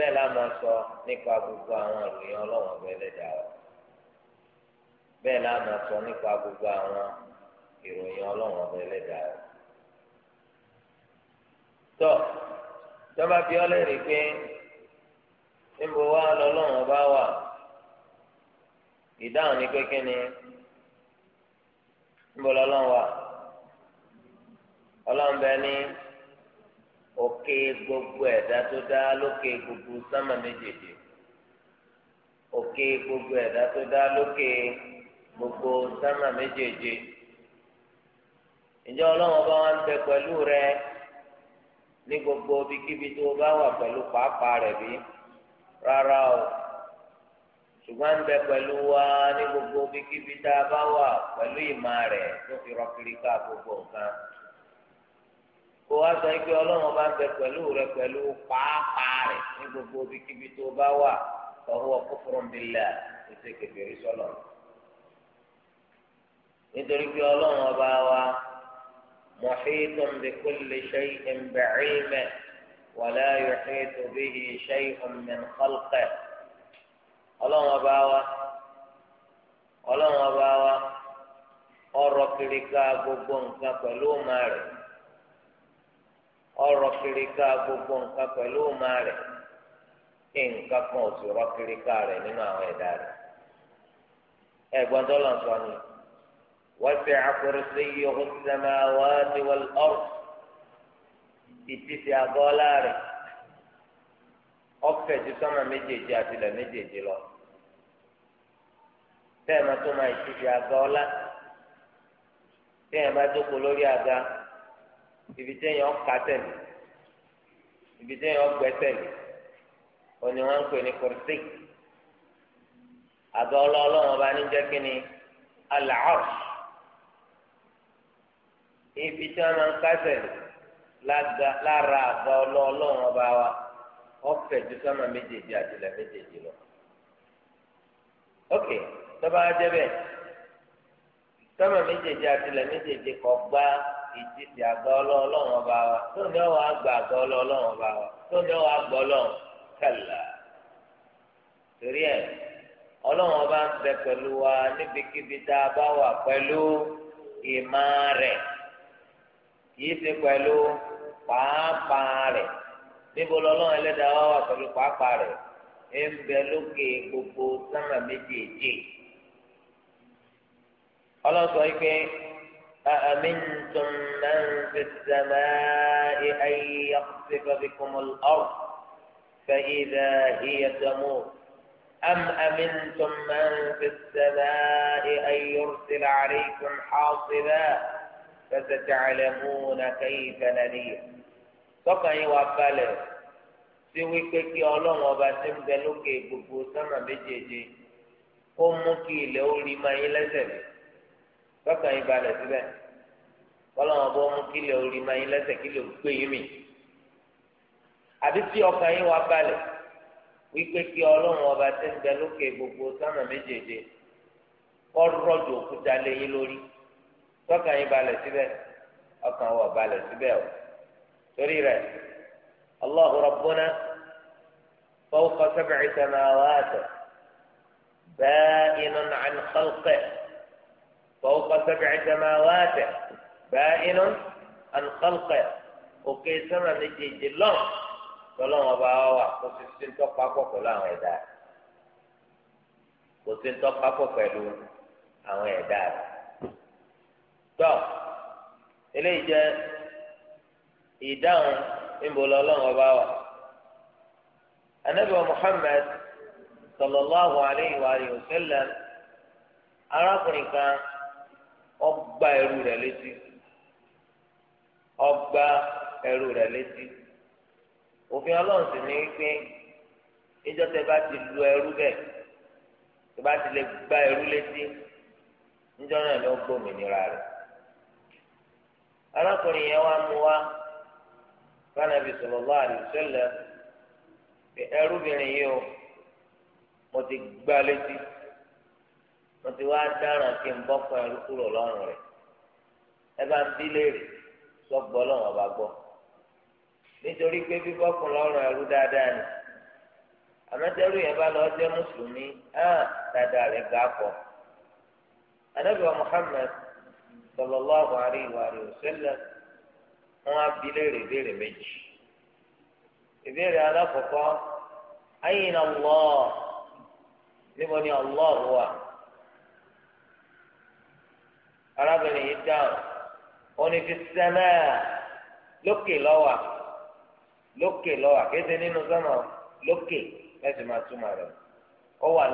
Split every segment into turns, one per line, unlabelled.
bẹ́ẹ̀ la máa sọ nípa gbogbo àwọn ìròyìn ọlọ́wọ́n bẹ́ẹ̀ lẹ́dàá wa bẹ́ẹ̀ la máa sọ nípa gbogbo àwọn ìròyìn ọlọ́wọ́n wa. tọ́ ìjọba bí ọ lẹ́rìí pé níbo wá lọ́lọ́wọ́n wà ìdáhùn ní pé kíni níbo wà òkè gbogbo ẹ̀dá tó dá lókè gbogbo sámà méjèèjì òkè gbogbo ẹ̀dá tó dá lókè gbogbo sámà méjèèjì ǹjẹ́ ọlọ́run bá wọn bẹ pẹ̀lú rẹ ní gbogbo ibikíbi tó bá wà pẹ̀lú pàápàá rẹ̀ bí rárá o ṣùgbọ́n ń bẹ pẹ̀lú wa ní gbogbo ibikíbi tá a bá wà pẹ̀lú ìmọ̀ rẹ̀ tó fi rọ kiri ká gbogbo nǹkan. o wá sọ pé ọlọ́run bá ń bẹ pẹ̀lú rẹ pẹ̀lú pàápàá rẹ ní gbogbo ibikíbi tó bá wà ọwọ́ kófòrò ńbílẹ̀ ètò ìkẹfẹ́rí sọ̀lọ̀ nítorí pé ọlọ́run ọba wa kulli shay'in bi'ilmihi wa la yuhitu bihi shay'un min khalqihi ọlọ́run ọba wa ọlọ́run ọba wa Ọ kiri ká gbogbo nǹkan pẹ̀lú ọmọ rẹ̀ kí nǹkan kan ò sì rọ kiri ká nínú àwọn ẹ̀dá rẹ̀ ẹ̀gbọ́n tó sọ ni ìtìsí ju méjèèjì àti méjèèjì ma tó ma ìtìsí ma lórí ibi téèyàn ọkà tẹ̀lé ibi téèyàn ọgbẹ tẹ̀lé òní wọn ń pè ní kùrìsì àgọ́ ọlọ́ọ̀lọ́wọ́n bá ní jẹ́ kí ni al-arsh ibi tí wọn máa ń ká tẹ̀lé lára àgọ́ ọlọ́ọ̀lọ́wọ́n bá wa ọ̀fẹ́ ju sọ́mà méjèèjì àtìlẹ̀ méjèèjì lọ. ok tọ́ba ajẹ́ bẹ́ẹ̀ sọ́mà méjèèjì àtìlẹ̀ méjèèjì kọ́ gbá. ìtìsí àgọ́ ọlọ́run ọba wa tó ní ọwọ́ àgbà ọba wa tó ní ọwọ́ àgbà ọlọ́run kẹlẹ́ torí ọba wa níbikíbi tá a bá wà pẹ̀lú ìmọ̀ rẹ̀ kìí ṣe pẹ̀lú pàápàá rẹ̀ níbo ẹlẹ́dàá wà pẹ̀lú pàápàá rẹ̀ gbogbo
méjèèjì
ọlọ́sọ̀ أأمنتم من في السماء أن يخسف بكم الأرض فإذا هي تموت أم أمنتم من في السماء أن يرسل عليكم حاصبا فستعلمون كيف نذير tọkàn yín wá balẹ̀ sí wípé kí ọlọ́run ọba tí ń bẹ lókè gbogbo sánmà méjèèjì ó mú kí ilẹ̀ ó rí máa yín lẹ́sẹ̀ mi tọkàn yín balẹ̀ síbẹ̀. kọ́lọ́mọ bó mú kílẹ̀ orí máa yín lẹ́sẹ̀ kílẹ̀ gbé yín mì àbí tí ọkàn yín wá balẹ̀ wípé kí ọlọ́run ọba tí ń bẹ lókè gbogbo sánà méjèèjì kọ́ rọ̀jò òkúta lé yín lórí tọ́kàn yín balẹ̀ síbẹ̀ ọkàn wọ̀ balẹ̀ síbẹ̀ o torí rẹ̀ Allahu Rabbuna fawqa sab'i samawati ba'inun 'an khalqihi fawqa sab'i samawati. bẹ́ẹ̀ inú ànkálùkẹ́ òkè sẹ́wọ̀n méjèèjì lọ́n tọ́lọ́wọ́n bá long kó sì sí ń tọ́pọ̀ akọ́ pẹ̀lú àwọn ẹ̀dá kó sì ń tọ́pọ̀ akọ́ pẹ̀lú àwọn ẹ̀dá tọ́ eléyìí jẹ́ ìdáhùn sallallahu ọgbà ẹrù rẹ létí òfin ọlọ́run sì ní pé níjọ́ tẹ bá ti lu ẹrú bẹ́ẹ̀ tẹ bá ti lè gba ẹrú létí níjọ́ náà ló gbòmìnira rẹ̀ arákùnrin yẹn wá mú wá fanabi sallallahu alaihi wasallam ẹrúbìnrin yìí mo ti létí mo ti wá dáràn kí n bọ́ fún ẹrú kúrò lọ́rùn sọ́gbọ́ lọ́wọ́n bá gbọ nítorí pé bíbọ́kùn lọ́rùn ẹrú dáadáa ni àmọ́tẹ́rù yẹn bá lọ jẹ́ mùsùlùmí hàn dáadáa rẹ̀ gà pọ̀ Ànábì wa Muhammad sallallahu alaihi wa wọn á ìbéèrè méjì ìbéèrè alákọ̀ọ́kọ́ ayé na Allah níbo ni wà arábìnrin yìí dáhùn. onye sẹ́mẹ́ lókè lọ́wà lókè lọ́wà kéde nínú n'inu lókè lẹ́sìn máa túmọ̀ rẹ̀ ó wà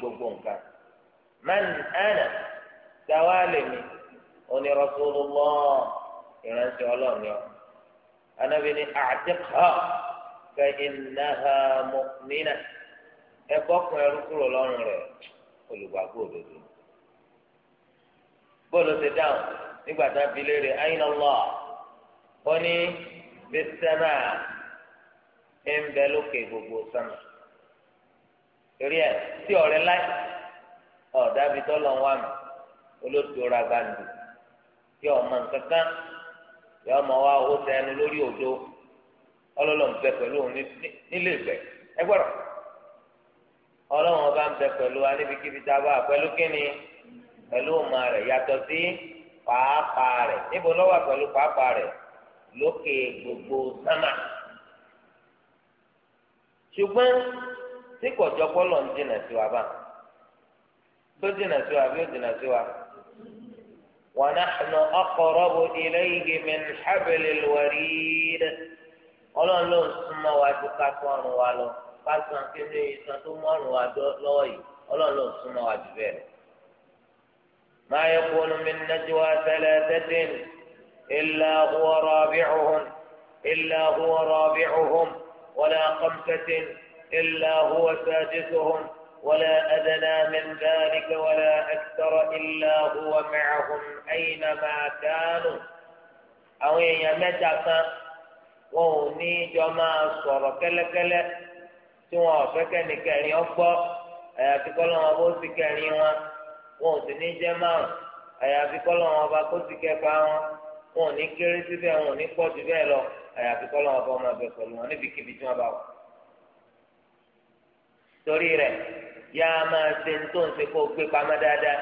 gbogbo nǹkan man ana dáwà lèmi oní rasulullah ìránṣẹ́ ọlọ́ọ̀ni ọ anabi ni a'tiqha fa innaha mu'mina ẹ bọ́kùn kúrò lọ́rùn rẹ̀ olùgbàgbọ́ òdodo bọ́ọ̀lù ti dáhùn. nígbà tá a fi léèrè ayna Allah ó ní bísẹ́mà ń bẹ lókè gbogbo sánmà torí ẹ tí ọ̀rẹ́ láì ọ̀dàbí tọ́lọ̀ wà mí olóòtú ọ̀rọ̀ agbáǹdù tí ọmọ nǹkankan tí ọmọ wa ó sẹ́nu lórí òdo ọlọ́lọ́ ń pẹ̀lú òun nílé ìgbẹ́ ẹgbẹ́rọ̀ ọlọ́run ọba ń pẹ̀lú wa níbikíbi tá a bá pẹ̀lú kíni pẹ̀lú ọmọ rẹ̀ yàtọ̀ sí. pàápàá rẹ̀ níbo ló wà pẹ̀lú pàápàá rẹ̀ lókè gbogbo sámà ṣùgbọ́n tí kò jọ pọ́lọ̀ ń dènà sí wa bá tó dènà sí wa bí ó dènà sí wa wa nahnu aqrabu ilayhi min hablil warid ọlọ́run ló ń wa ju ká lọ kí ní tó wa yìí ما يكون من نجوى ثلاثة إلا هو رابعهم إلا هو رابعهم ولا خمسة إلا هو سادسهم ولا أدنى من ذلك ولا أكثر إلا هو معهم أينما كانوا أو يمتك ووني جماعة صورة كلا كلا tí wọn ọ̀fẹ́ kẹ́nìkẹ́rin ọgbọ́ àyàfi kọ́ lọ́wọ́ bó ti kẹ́rin lowo wọn ò sì ní jẹ́ márùn àyàfi kọ́lọ́wọ́n ọba kó ti kẹfà wọn wọn ò ní kéré síbẹ̀ wọn ò ní pọ̀ jù bẹ́ẹ̀ lọ àyàfi kọ́lọ́wọ́n ọba ọmọ ẹgbẹ́ pẹ̀lú wọn níbikíbi tí wọ́n bá wọ̀. torí rẹ̀ yá a máa ṣe ń tó ń ṣe kó o gbé pamọ́ dáadáa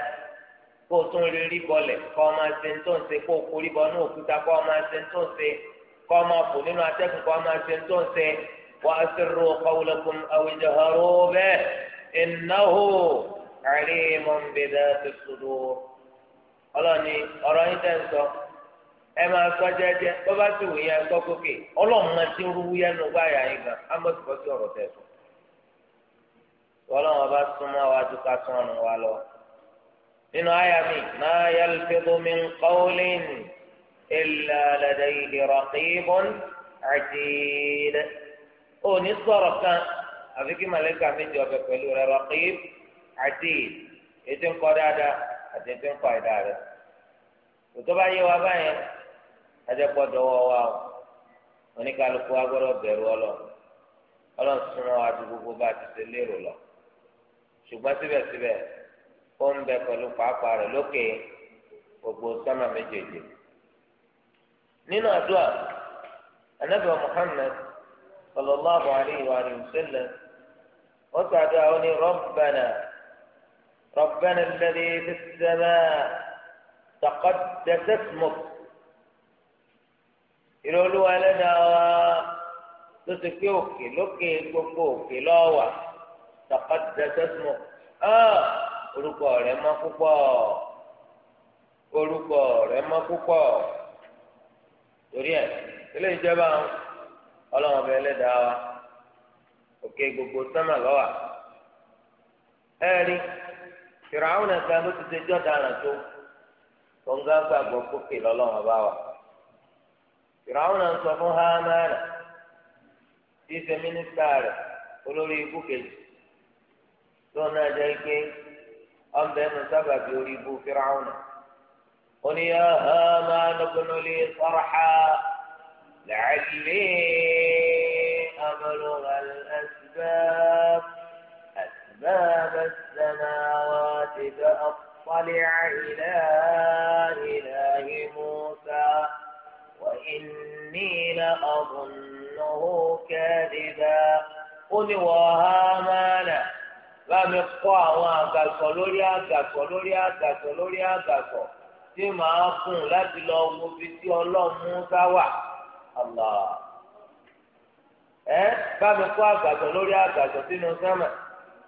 kó o tún rírí bọlẹ̀ kó o máa ṣe ń tó ń ṣe kó o kórí bọ ní òkúta kó o máa ṣe ń tó ń ṣe kó o máa fò nínú atẹ́kùn kó o máa ṣe ń tó ń ṣe wàá sẹ́rù qawlakum aw عليم بذات الصدور ọlọ́ni ọ̀rọ̀ yín tẹ́ ń sọ ẹ máa sọ jẹ́jẹ́ bó bá sì wù yẹn sọ kókè ọlọ́run máa ti ń rúwú yẹn nù báyà yín gan amọ̀sibọ́ sí ọ̀rọ̀ tẹ̀ sọ. ọlọ́run ọba súnmọ́ wa ju ká tún ọ̀run wa lọ. nínú àyà mi máa yalfidu min qawlin illa ladayhi raqibun atid. ó ní sọ̀rọ̀ kan àfi kí màlẹ́kà méjì ọbẹ̀ pẹ̀lú rẹ̀ raqib. àdéhì ètò ń kọ dáadáa àti ètò ń kọ àìdá rẹ òtó bá wa báyẹn adẹ́pọ̀ dọ́wọ́ o oníkàlùkù ọlọ ọlọ́sùnmọ́ wa gbogbo bá ti ṣe lérò lọ ṣùgbọ́n síbẹ̀síbẹ̀ ó ń bẹ pẹ̀lú pàápàá rẹ̀ lókè gbogbo sọ́mà méjèèjì nínú àdúrà anabi muhammed sallallahu alayhi wa sallam ó sàdúrà ó ربنا الذي في السماء تقدس اسمك ìrọ̀lú ẹlẹ́dàá wa tó ti pé òkè lókè gbogbo òkè lọ́wà taqaddasa ismuk orúkọ rẹ̀ mọ́ púpọ̀ orúkọ rẹ̀ mọ́ púpọ̀ torí ẹ̀ ilé ìjọba ọlọ́run ọbẹ̀ ẹlẹ́dàá wa òkè gbogbo sánmà lọ́wà ẹ̀rí fìràwọn ẹ̀ka ló ti dẹjọ́ dáràn tó kọ̀ǹgá gbàgbọ́ kókè lọ́lọ́wọ́ bá wà fìràwọn ẹ̀ ń sọ fún hámánà tí ṣe mínísítà rẹ̀ olórí ikú kejì tó náà jẹ́ pé ọ̀nbẹ́ nù sábàbí orí ibú fìràwọn oníyà hámánà kùnú lè sọ̀rọ̀ha làálẹ́ أبلغ الأسباب
أسباب السعادة السماوات فأطلع إلى إله
موسى وإني لأظنه كاذبا قل وهامان bá mi kọ́ àwọn àgàsọ̀ lórí àgàsọ̀ lórí àgàsọ̀ lórí àgàsọ̀ tí màá kùn láti lọ wo bí tí ọlọ́run ká wà. Allah ẹ bá mi kọ́ àgàsọ̀ lórí àgàsọ̀ sínú sẹ́mà.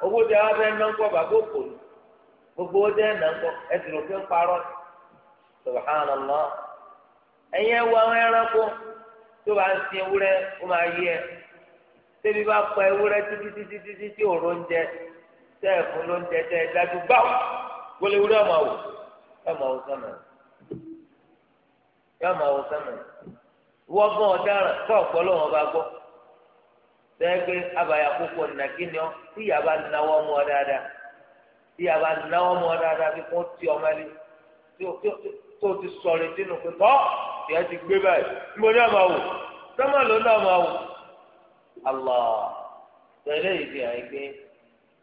owó tẹ wá fẹ́ ná ń kọ́ bàbá òkò ní gbogbo owó tẹ ẹ̀ ná ń kọ́ ẹ sì rò pé ń parọ́ subhanallah ẹ̀yin ẹwọ àwọn ẹranko tó bá ń sin ewúrẹ́ ó máa yí ẹ tẹ́bí bá pa ewúrẹ́ títí títí títí tí òòró ń jẹ tẹ́ ẹ̀ fún ló ń jẹ tẹ́ ẹ dájú gbáwó wọlé ewúrẹ́ ọmọ àwò ọmọ àwò sọmọ yọmọ àwò sọmọ wọ́gbọ́n ọ̀daràn kọ́ ọ̀pọ̀ lọ́wọ́ bá gbọ́. sẹ́gbẹ́ abaya púpọ̀ nàkínyọ́ tí ìyá bá náwó mọ́ dáadáa tí ìyá bá náwó mọ́ dáadáa bí kò tí ọmọ ẹni ti sọ̀rọ̀ sínú pé tọ́ ìyá ti gbé báyìí níbo ni ọmọ wò sọ́mọ́ ló ní ọmọ alọ́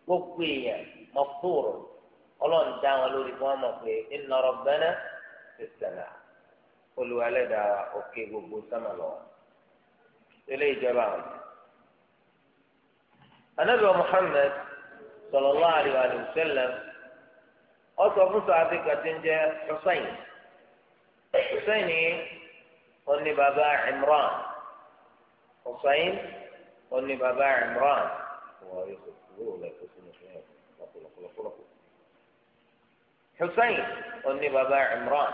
gbogbo èèyàn mọ fóòrò النبي محمد صلى الله عليه وآله وسلم أصبح مصعب تنجى حسين حسين قلني بابا عمران حسين قلني بابا عمران حسين قلني بابا عمران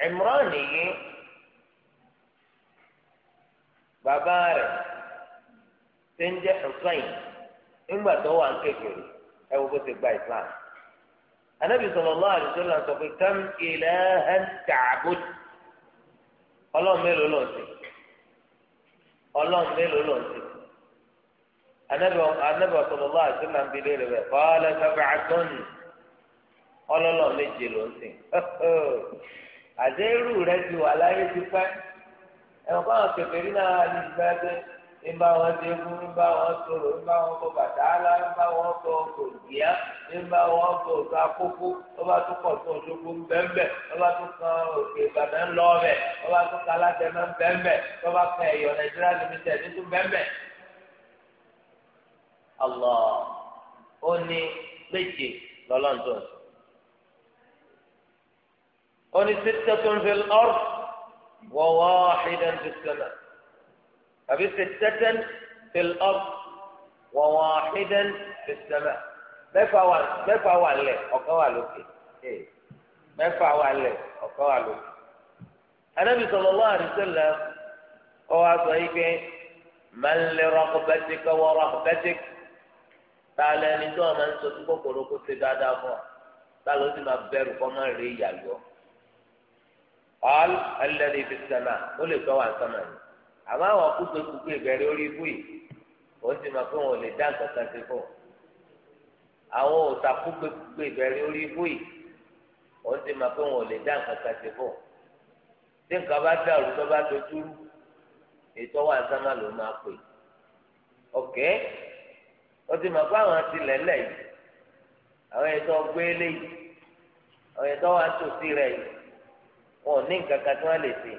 عمراني بابا ṣe ń jẹ́ ọ̀sán ńgbà tó wà ń kékeré ẹ bó ti gba anabi sallallahu alaihi wasallam sọ pé kam ilahan ta'bud ọlọ́run mélòó ọlọ́run mélòó anabi anabi sallallahu alaihi wasallam ń bi léèrè bẹ qala sab'atun ji méje ló ń sè àdéhùn rẹ ti wà láyé ti kọ́ àwọn náà ní nígbà wọn ti mú nígbà wọn sọ̀rọ̀ nígbà wọn kọ bàtà àlà nígbà wọn kọ ògìyà nígbà wọn kọ òtò akókó ọba tó kọ tó ológun bẹ́ẹ̀bẹ́ ọba tó kan òkè ìbàdàn lọ́ọ̀bẹ̀ ọba tó kan alátẹ̀mọ́ bẹ́ẹ̀bẹ́ ọba kan ẹ̀yọ̀ nàìjíríà limited nítorí bẹ́ẹ̀bẹ́. Allah ó ní méje lọ́lọ́dún ó ní sítẹ́tún fil ard wa àbí sittatan fil ard wa wahidan fis sama mẹ́fà wà mẹ́fà wà lẹ̀ ọ̀kan wà lókè eh, mẹ́fà wà lẹ̀ ọ̀kan wà lókè. Ànábì sallallahu alaihi wasallam ọwọ aṣọ yìí pé man li raqbatika wa rahbatika ta lẹni tí wọn máa ń sọ sí kòkòrò kó ṣe dáadáa fún ọ ta ló sì máa bẹ̀rù kọ máa rí ìyàlú ọ. qal alladhi fis sama ó lè tọ́ wà sánmà yìí àmọ́ àwọn kúgbèkúgbè bẹ̀rẹ̀ orí ibú yìí ó sì máa pé wọn ò lè dá nǹkan kan sí fún àwọn òòtà kúgbèkúgbè bẹ̀rẹ̀ orí ibú yìí ó sì máa pé wọn ò lè dá nǹkan kan sí fún tí nǹkan bá dàrú tó bá dojú rú ètò wà sámà ló máa pè ọ̀kẹ́ ó sì máa pé àwọn ti lẹ́lẹ̀ yìí àwọn ètò ọgbẹ́ lé àwọn ètò wà tòsí rẹ̀ yìí wọn ò ní nǹkan kan tí wọ́n lè sè é.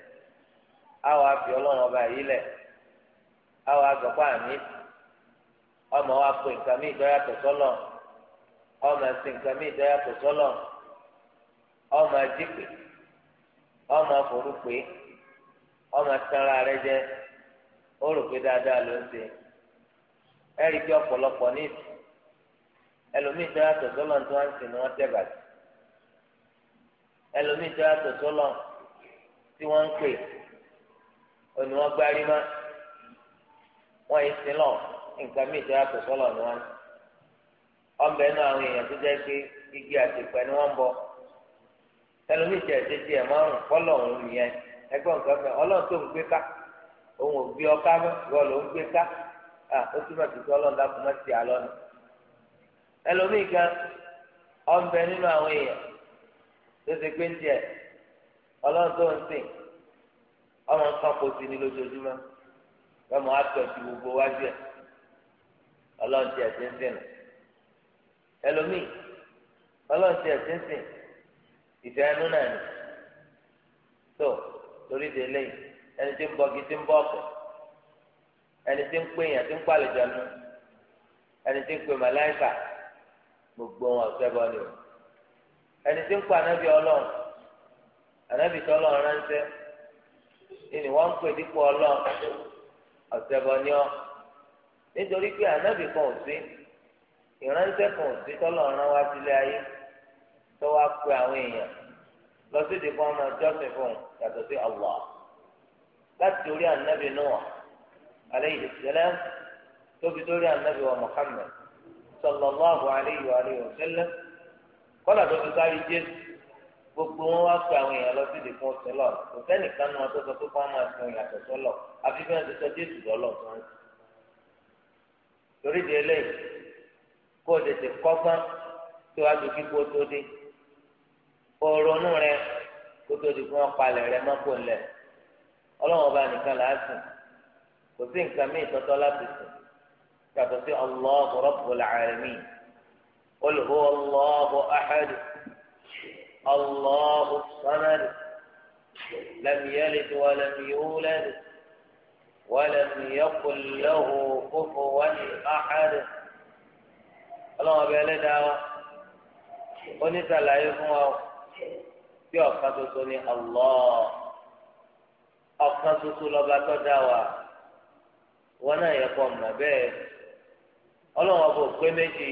àwọn afi ọlọ́run ọba yìí lẹ̀ àwọn agbọ̀pá ọmọ wa pe nǹkan mi ọmọ ẹ̀sìn nǹkan mi ìdọ́yàtọ̀ ọmọ ẹ̀dínkù ọmọ forúkpé ọmọ sanra rẹ jẹ ó rò pé dáadáa ló ń ṣe ẹ̀rí pé ọ̀pọ̀lọpọ̀ ní ìsìn ẹlòmíì ìdọ́yàtọ̀ sọ́lọ̀ tí ó ní wọ́n gbárí má wọ́n yìí sin lọ nǹkan mìíràn tó yàtọ̀ sọ́lọ̀ ni wọ́n ọ̀nbẹ náà àwọn èèyàn tó pé igi àtìpẹ́ ni wọ́n ń bọ ẹlòmíì tiẹ̀ ṣe tiẹ̀ márùn kọ́lọ̀ òun nìyẹn ẹgbọ́n nǹkan fẹ́ ọlọ́run tó ń gbé ká òun ò gbé ọká bọ́ ló ń gbé ká ó túmọ̀ sí pé ọlọ́run dákun má ti ẹlòmíì nínú ọmọ nǹkan kò sí ní lójoojúmọ́ gbogbo wájú ẹ̀ ọlọ́run ti ẹlòmíì ọlọ́run ti ìfẹ́ ẹnu náà ni tó torí de lẹ́yìn ẹni tí ń bọ́ kí tí ń bọ́ ọ̀pọ̀ ẹni tí ń pè yàn tí ń pàlejò ẹni tí ń pè màláìkà gbogbo wọn ọ̀sẹ̀ ni o ẹni tí ń ni wọ́n ń pè dípò ọlọ́run ọ̀sẹ̀bọ̀ nítorí pé ànábì kan ò sí ìránṣẹ́ kan ò sí tọ́lọ̀ rán wá sílé ayé tó wá pe àwọn èèyàn lọ sí ìdìbò ọmọ jọ́sìn fún un sí Allah láti orí ànábì Nuh alayhi salam tóbi dórí ànábì wa Muhammad sallallahu wa gbogbo wọn wá pé àwọn èèyàn lọ sí ìdìkún ọsẹ lọ kò sẹ́nìkan nu ọtọ́ sọ pé kó wọn máa sin ti sọ jésù torí di eléyìí kó o tètè kọ́gbọ́n tó o tó dé òrònú rẹ kó tó di fún ọpalẹ̀ rẹ mọ́kò ńlẹ̀ ọlọ́run ọba nìkan là á kò sí nǹkan mí ìtọ́tọ́ láti yàtọ̀ sí الله الصمد لم يلد ولم يولد ولم يقل له كفوا wa ó ní sàlàyé fún wa bí ọ̀kan Allah wọn náà yẹ kọ́ mọ̀ bẹ́ẹ̀ ọlọ́run ọbẹ̀ ò pé méjì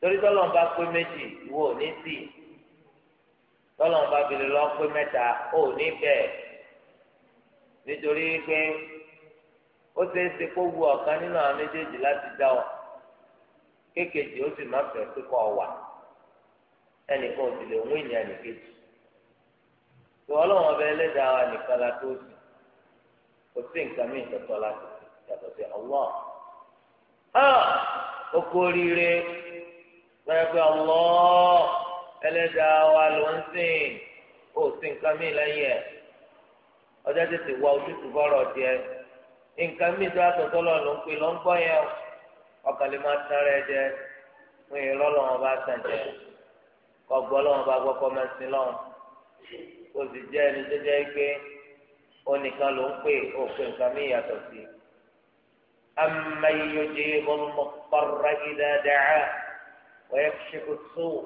torí tọ́lọ́run pé méjì ìwọ ò ní sí n'isi! tọ́lọ́n bá fi lọ pé mẹ́ta ó ní bẹ́ẹ̀ nítorí pé ó ṣeé ṣe kó wu ọ̀kan nínú àwọn méjèèjì láti dá ọ kékejì ó sì má fẹ́ pé kọ́ ọ wà ẹnìkan ò sì lè wí ní ẹnìkejì tó ọlọ́run ọba ẹlẹ́dàá wa nìkan la tó sì kò sí nǹkan láti yàtọ̀ ẹlẹ́dàá wa ló ń sìn ó sì nǹkan mí lẹ́yìn ẹ̀ ọjọ́ tètè wá ojútùú bọ́rọ̀ tiẹ̀ nǹkan mí tó àtọ̀tọ̀ lọ ló ń pè ló ń gbọ́ yẹn ọkàn lè máa tán rẹ jẹ fún irọ́ lọ́wọ́ bá tàn jẹ kọ́ gbọ́ lọ́wọ́ bá gbọ́ kọ́ máa sin lọ́wọ́ kò sì jẹ́ ẹni tó jẹ́ pé ó ló ń pè ó pè nǹkan mí yàtọ̀ sí i. أمن يجيب المضطر إذا دعاه ويكشف السوء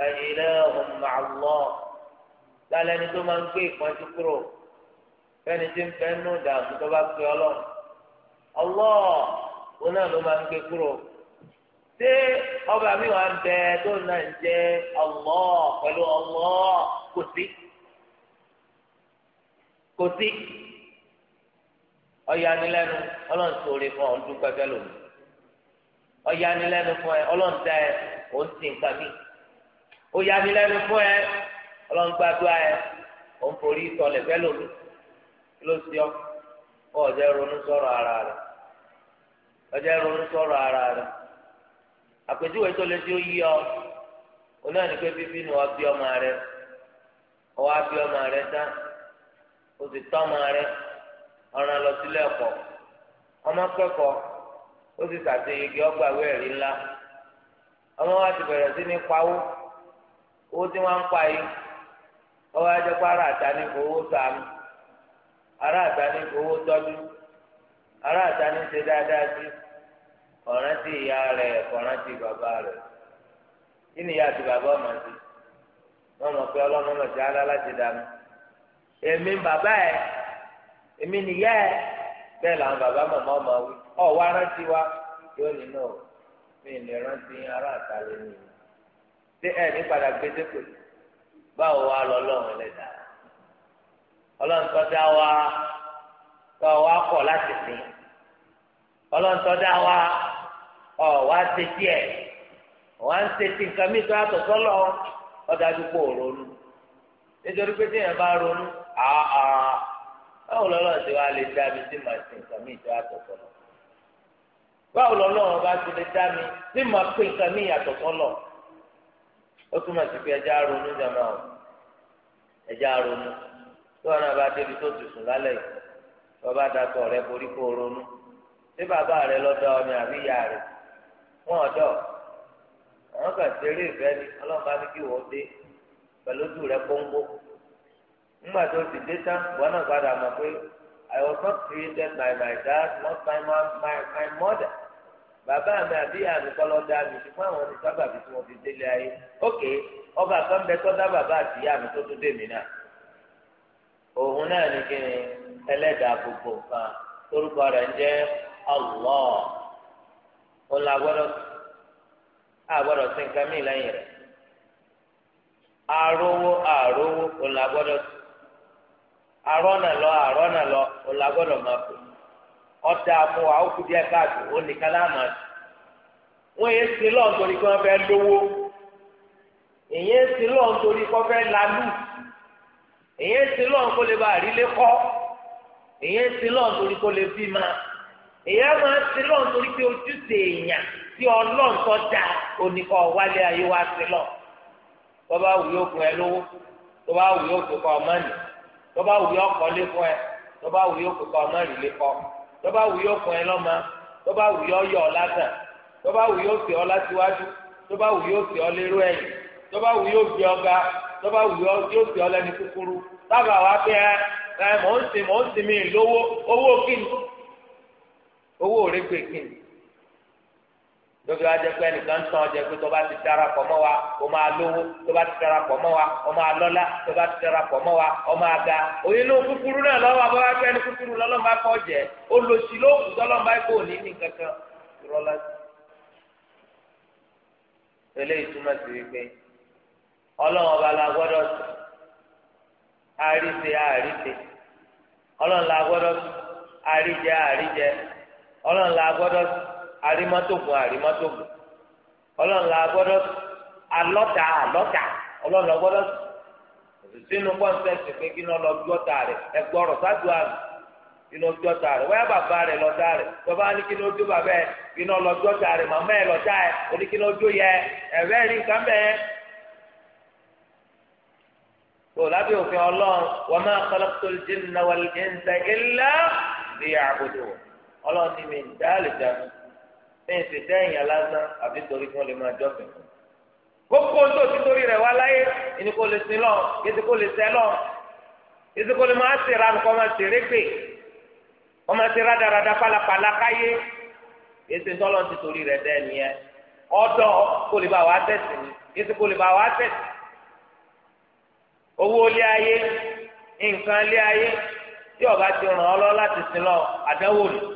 أإله مع الله لا لن تمن كيف ما تكرو فإن تنفنوا دا متبقى الله الله هنا لمن كيكرو ṣé ọba mi wà ń bẹ tó náà ń jẹ Allah pẹ̀lú Allah kò sí fún ọ fún ẹ ọlọ́run dá ẹ òun sì ó yà mí lẹ́nu fún ẹ ọlọ́run gbàdúrà ẹ ó ń forí sọlẹ̀ fẹ́ lòlù kí ló sí ọ ọjọ́ ronú sọ̀rọ̀ ara ọjọ́ ronú sọ̀rọ̀ ara àpèjúwe tó lè tí ó yí ọ oní àná pé bíbí ni wàá bí ọmọ rẹ wàá bí ọmọ rẹ tán o sì tọ́ ọmọ rẹ ọ̀ràn lọ sílé ẹ̀kọ́ ọmọ kẹ́kọ̀ọ́ ó sì ńlá ọmọ wa owó tí wọ́n ń pa yìí ọwọ́ ajẹ́ pé ará àta owó sàánú owó ṣe dáadáa sí ọ̀ràn tí ìyá rẹ̀ bàbá rẹ̀ kí ni ìyá àti bàbá ọmọ sí wọ́n mọ̀ pé ọlọ́mọ náà ti ara láti dànù èmi bàbá ẹ̀ èmi nìyá ẹ? bẹ́ẹ̀ làwọn bàbá ọmọ wí wa yóò mi ní rántí nìyí. ṣé ẹ ní padà gbé báwo wá lọ lọ́rùn ẹlẹ́dà ọlọ́run wa wa kọ̀ láti sìn wa ọ̀ wá ṣe díẹ̀ wọ́n ń nǹkan mi tó yàtọ̀ sọ́lọ́ ọ̀dà àdúgbò ronú nítorí pé tí èèyàn bá sí màá ṣe nǹkan bá ti lè ó túmọ̀ sí pé ẹja ronú jàmá o ẹja ronú tí wọn bá débi tó ti lálẹ́ yìí wọn bá da rẹ borí kó ronú tí bàbá rẹ lọ́dọ̀ ọmọ àbí ìyá rẹ wọn ọ̀dọ̀ àwọn kan ṣeré ìfẹ́ ni ọlọ́mọba ní kí wọ́n dé pẹ̀lú ojú I was not created by my dad not by my, my mother. bàbá mi àbí àmì kọlọ dá mi ṣùgbọ́n àwọn ní sábà fi tí wọ́n fi délé ayé ókè ọba kan bẹ tọ́ bàbá àti ìyá mi tó tún dé mi náà òun náà ní kí ni ẹlẹ́dàá gbogbo nǹkan orúkọ rẹ̀ ń jẹ́ òun gbọ́dọ̀ sí nǹkan mí lẹ́yìn rẹ̀ òun gbọ́dọ̀ ọ̀dà àmú àwòkù díẹ̀ káàdì oníkan láàmà wọ́n yé sí lọ́ọ̀ nítorí kí wọ́n fẹ́ lówó èyí sí lọ́ọ̀ nítorí kí wọ́n fẹ́ lálù èyí sí lọ́ọ̀ kó lè bá àrílé kọ́ èyí sí lọ́ọ̀ nítorí kó lè bí ma èyí á máa sí lọ́ọ̀ nítorí kí ojúṣe èèyàn tí ọlọ́ọ̀tọ́ da oníkan wálé ayé wá sí lọ bọ́bá wù yóò fún ẹ lówó bọ́bá wù yóò fún ọmọ nì bọ́bá wù yóò kọ́lé fún ẹ bọ́bá wù yóò fún ọmọ nì lé kọ́ tọ́ba wù yóò fún ẹ lọ́mọ tọ́ba wù yóò yọ ọ látàn tọ́ba wù yóò sè ọ látiwájú tọ́ba wù yóò sè ọ lérú ẹ̀yìn tọ́ba wù yóò ọga tọ́ba wù yóò ọ lẹ́ni kúkúrú sábà wà pé ẹ mọ̀ ń sìn mọ̀ ń sìn mí lówó owó kíni owó òrégbè kíni. lóbi wa jẹ pé ẹnìkan tán ọjà pé tó bá ti darapọ̀ mọ́ wa ó máa lówó tó bá ti darapọ̀ mọ́ wa ó máa lọ́lá tó bá ti darapọ̀ mọ́ wa ó máa ga òyìn ló náà lọ́wọ́ abọ́wá pé ẹni kúkúrú lọ́lọ́mọba kọ́ jẹ́ olùsí ló kù tọ́lọ́mọba kò ní ní kankan rọ́lá. eléyìí túmọ̀ la gbọ́dọ̀ sùn àríṣe àríṣe ọlọ́run la gbọ́dọ̀ sùn ọlọ́run arímọ́tògùn arímọ́tògùn ọlọ́run la gbọ́dọ̀ alọ́ta alọ́ta ọlọ́run la gbọ́dọ̀ sínú kọ́ńtẹ́ǹtì pé kí náà lọ gbọ́ta rẹ̀ ẹgbọ́rọ̀ sáájú àná kí náà gbọ́ta rẹ̀ wáyà bàbá rẹ̀ lọ́ta rẹ̀ bàbá ní kí náà jó bàbá ẹ̀ kí náà lọ gbọ́ta rẹ̀ màmá ẹ̀ lọ́ta ẹ̀ oní kí náà jó yẹ ẹ̀rẹ́ rí nǹkan bẹ́ẹ̀. tó lábẹ́ òfin ọlọ́run wa ma khalaqtul jinna wal insa illa liya'budun ọlọ́run ní mi dá lè dànù lẹ́yìn tí dá èèyàn lásán àbí torí kí wọ́n lè máa jọ́sìn fún un. gbogbo ohun tó ti torí rẹ̀ wá láyé ẹni kò lè sin lọ́n ètò kò lè sẹ́ lọ́n ètò kò lè máa ṣe ra nǹkan máa ṣe régbè wọ́n máa ṣe rádaràda pálapàla káyé ètò ìtọ́lọ́ ti torí rẹ̀ dẹ́ nìyẹn ọ̀dọ́ kò lè bá wa tẹ̀sí ni kò lè bá wa tẹ̀sí. owó ilé ayé nǹkan ilé ayé tí ọba ti ràn ọ́ lọ láti sin lọ àdánwò nù.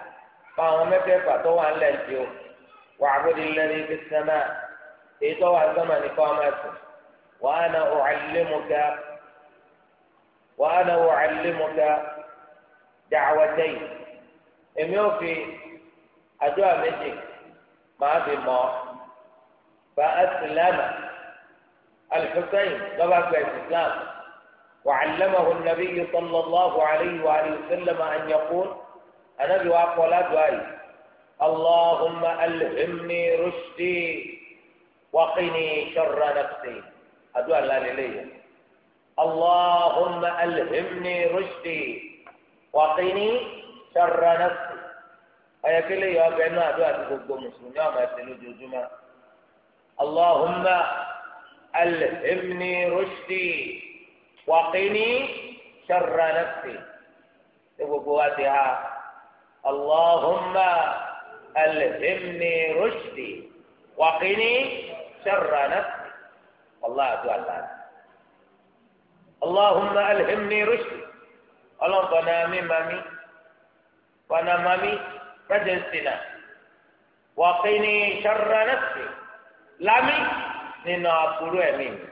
fáwọn mẹ́fẹ̀ẹ̀fà tó wà ńlẹ̀ ti o wà àbúrò lẹ́ni fi sẹ́mà èyí tó wà sẹ́mà ní kọ́mẹ́sì wà á na ọ̀hálẹ́mùká wà á na ọ̀hálẹ́mùká dàwátẹ́yì èmi ò fi àdúrà méjì màá fi mọ́ fa asilámà alḥusayn lọ́ba gbẹ̀sì islam wà á lẹ́mọ̀ ọ̀hún nàbí yìí sọ́lọ́láhu alayhi wa alayhi wa sẹ́lẹ̀mà ànyàkùn. anabi wa kọ́ ládùá yìí allahumma alhimni rushdi waqini sharra nafsi adúlá lálẹ́lẹ́ yìí allahumma alhimni rushdi waqini sharra nafsi ayakele yìí ọbẹ̀ náà adúlá ti gbogbo mùsùlùmí ọmọ ẹsẹ̀ lójoojúmọ́ allahumma alhimni rushdi waqini sharra nafsi ṣé gbogbo wa ti ha. اللهم ألهمني رشدي وقني شر نفسي والله أدعو الله اللهم ألهمني رشدي اللهم بنامي مامي ونمامي فجلسنا وقني شر نفسي لامي nínú aburú ẹ̀mí mi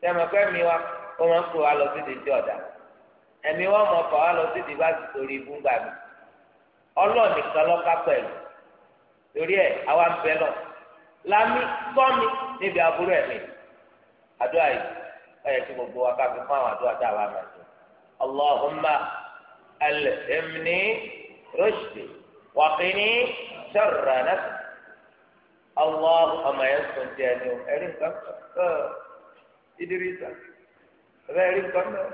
sẹ́mọ̀kọ́ ẹ̀mí wa ó máa ń kó wa lọ sí ti di ọ̀dà ọlọ́ọ̀nì kan lọ́ka pẹ̀lú torí ẹ̀ àwa ń bẹ lọ lami sọ́mi níbi aburú ẹ̀mí àdúrà yìí ọ̀yẹ̀ tí gbogbo wa ká fi fún àwọn àdúrà tá a wà máa dùn allahumma alhimni rushdi waqini sharra nafsi allah ọmọ yẹn sùn jẹ ẹni o ẹrí nǹkan ọ Ìdírísà ẹbẹ ẹrí nǹkan mẹ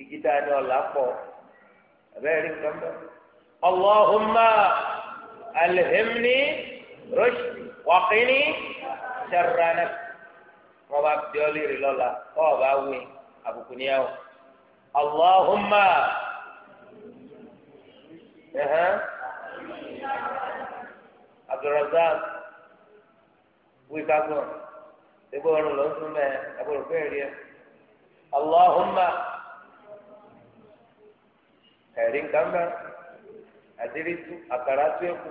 ìgídá ni ọlà pọ ẹbẹ ẹrí nǹkan mẹ. اللهم الهمني رشد وقني شر نفسي وما ديالي رلولا او باوي ابو كنياو اللهم اها عبد الرزاق وي كاكو يقولوا لو ابو الفيريا اللهم خيرين كم àdìrí tú àkàrà tú ẹkù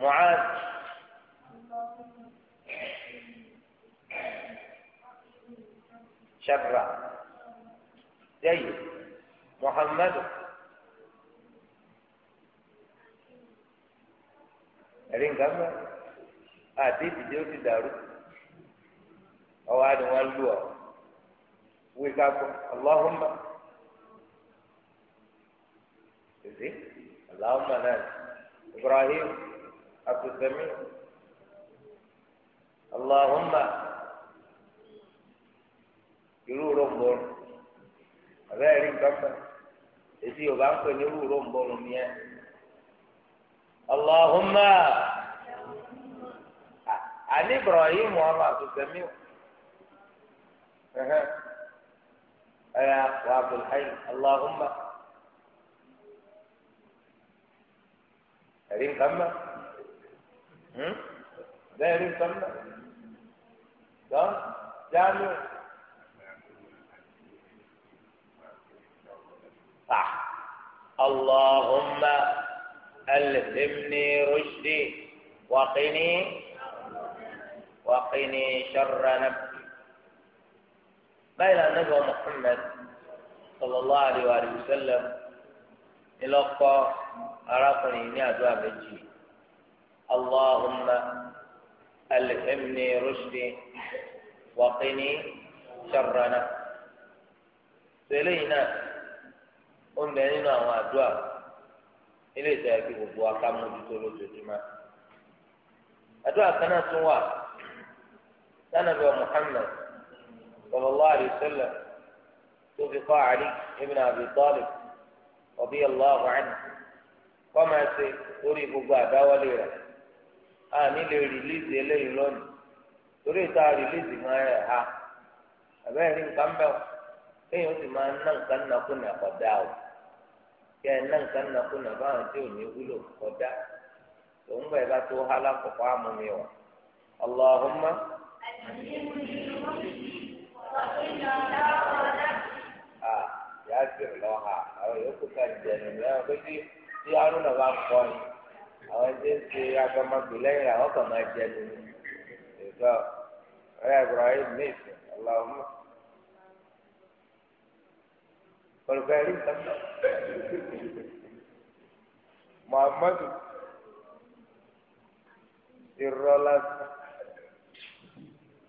mu'ad shabra jayi muhammadu ẹ̀rí nǹkan mọ́ àti ìdíje adi wíkà زين اللهم نعم إبراهيم عبد السميع اللهم irú ròmbòrò abẹ́rẹ́ rí nǹkan fẹ́ èsì yorùbá ń pè ní irú ròmbòrò nìyẹn allahumma àní ibrahim ọmọ àtúntẹ̀mí ẹ̀hẹ́ ẹ̀yà wà abdulhayi allahumma. ريم تامة
ده ريم تامة ده يعني
صح اللهم ألهمني رشدي وقني وقني شر نفسي ما إلى النبي محمد صلى الله عليه وآله وسلم إلى arákùnrin ní àdúrà méjì allahumma alhimni rushdi waqini sharrana tẹ́lẹ̀ yìí náà ó ń bẹ nínú àwọn àdúrà ilé ìtọ́jú kí gbogbo akámójútó lójoojúmọ́ àdúrà kan náà tún wà sanabi wa muhammad sallallahu alayhi wa sallam tó fi kọ́ ali ibn abi talib radiyallahu anhu. kọ́ máa ṣe lórí gbogbo àdáwọ́lé rẹ̀ a nílé rìlíìsì eléyìí lónìí torí ìta rìlíìsì máa rẹ̀ ha àbẹ́rẹ́ ní nǹkan bẹ́ẹ̀ lẹ́yìn ó sì máa ná nǹkan nàkúnà kọ̀dá o kí ẹ ná nǹkan nàkúnà báwọn tí ò ní wúlò kọ̀dá tòun bẹ́ẹ̀ bá tó há lákòókò àmúmi tí arúnà bá kọ́ ni àwọn ẹni tí ń ṣe agbọmọgbè lẹ́yìn àwọn kan máa jẹ ní ìgbà ọ̀rẹ́ ibrahim mẹ́sìn ọlọ́run olùkọ́ ẹ̀rí ìtọ́jú muhammadu ìrọ̀lá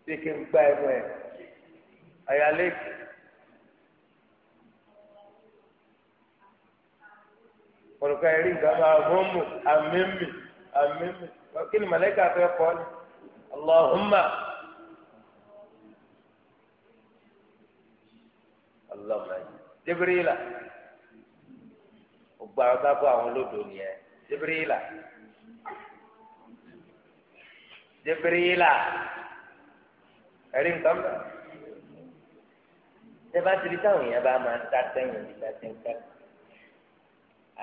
tí kì í gbá ẹ̀mọ́ ẹ̀ ayálé kọ̀ọ̀kan ẹ̀rí nǹkan bá ọmọ àmímì àmímì kí ni màlẹ́kà fẹ́ kọ́ ni Allahumma Allahumma Jibrila gbogbo àwọn bá bọ àwọn olódò nìyẹn Jibrila Jibrila ẹ̀rí nǹkan bá tẹ bá ti di táwọn èèyàn bá máa ń ta sẹ́yìn nígbà tí ń kẹ́kọ̀ọ́